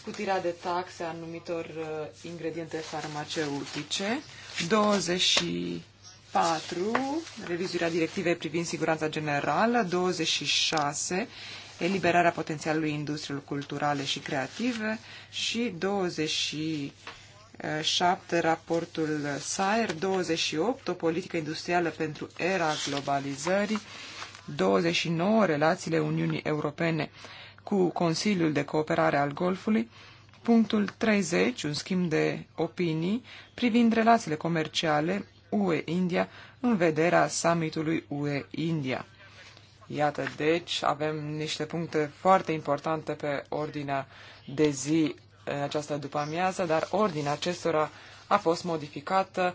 scutirea de taxe a anumitor uh, ingrediente farmaceutice. 24, revizuirea directivei privind siguranța generală. 26, eliberarea potențialului industriilor culturale și creative și 27 raportul SAER, 28 o politică industrială pentru era globalizării, 29 relațiile Uniunii Europene cu Consiliul de Cooperare al Golfului, punctul 30 un schimb de opinii privind relațiile comerciale UE-India în vederea summitului UE-India. Iată, deci, avem niște puncte foarte importante pe ordinea de zi în această după-amiază, dar ordinea acestora a fost modificată.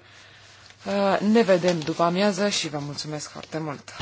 Uh, ne vedem după-amiază și vă mulțumesc foarte mult!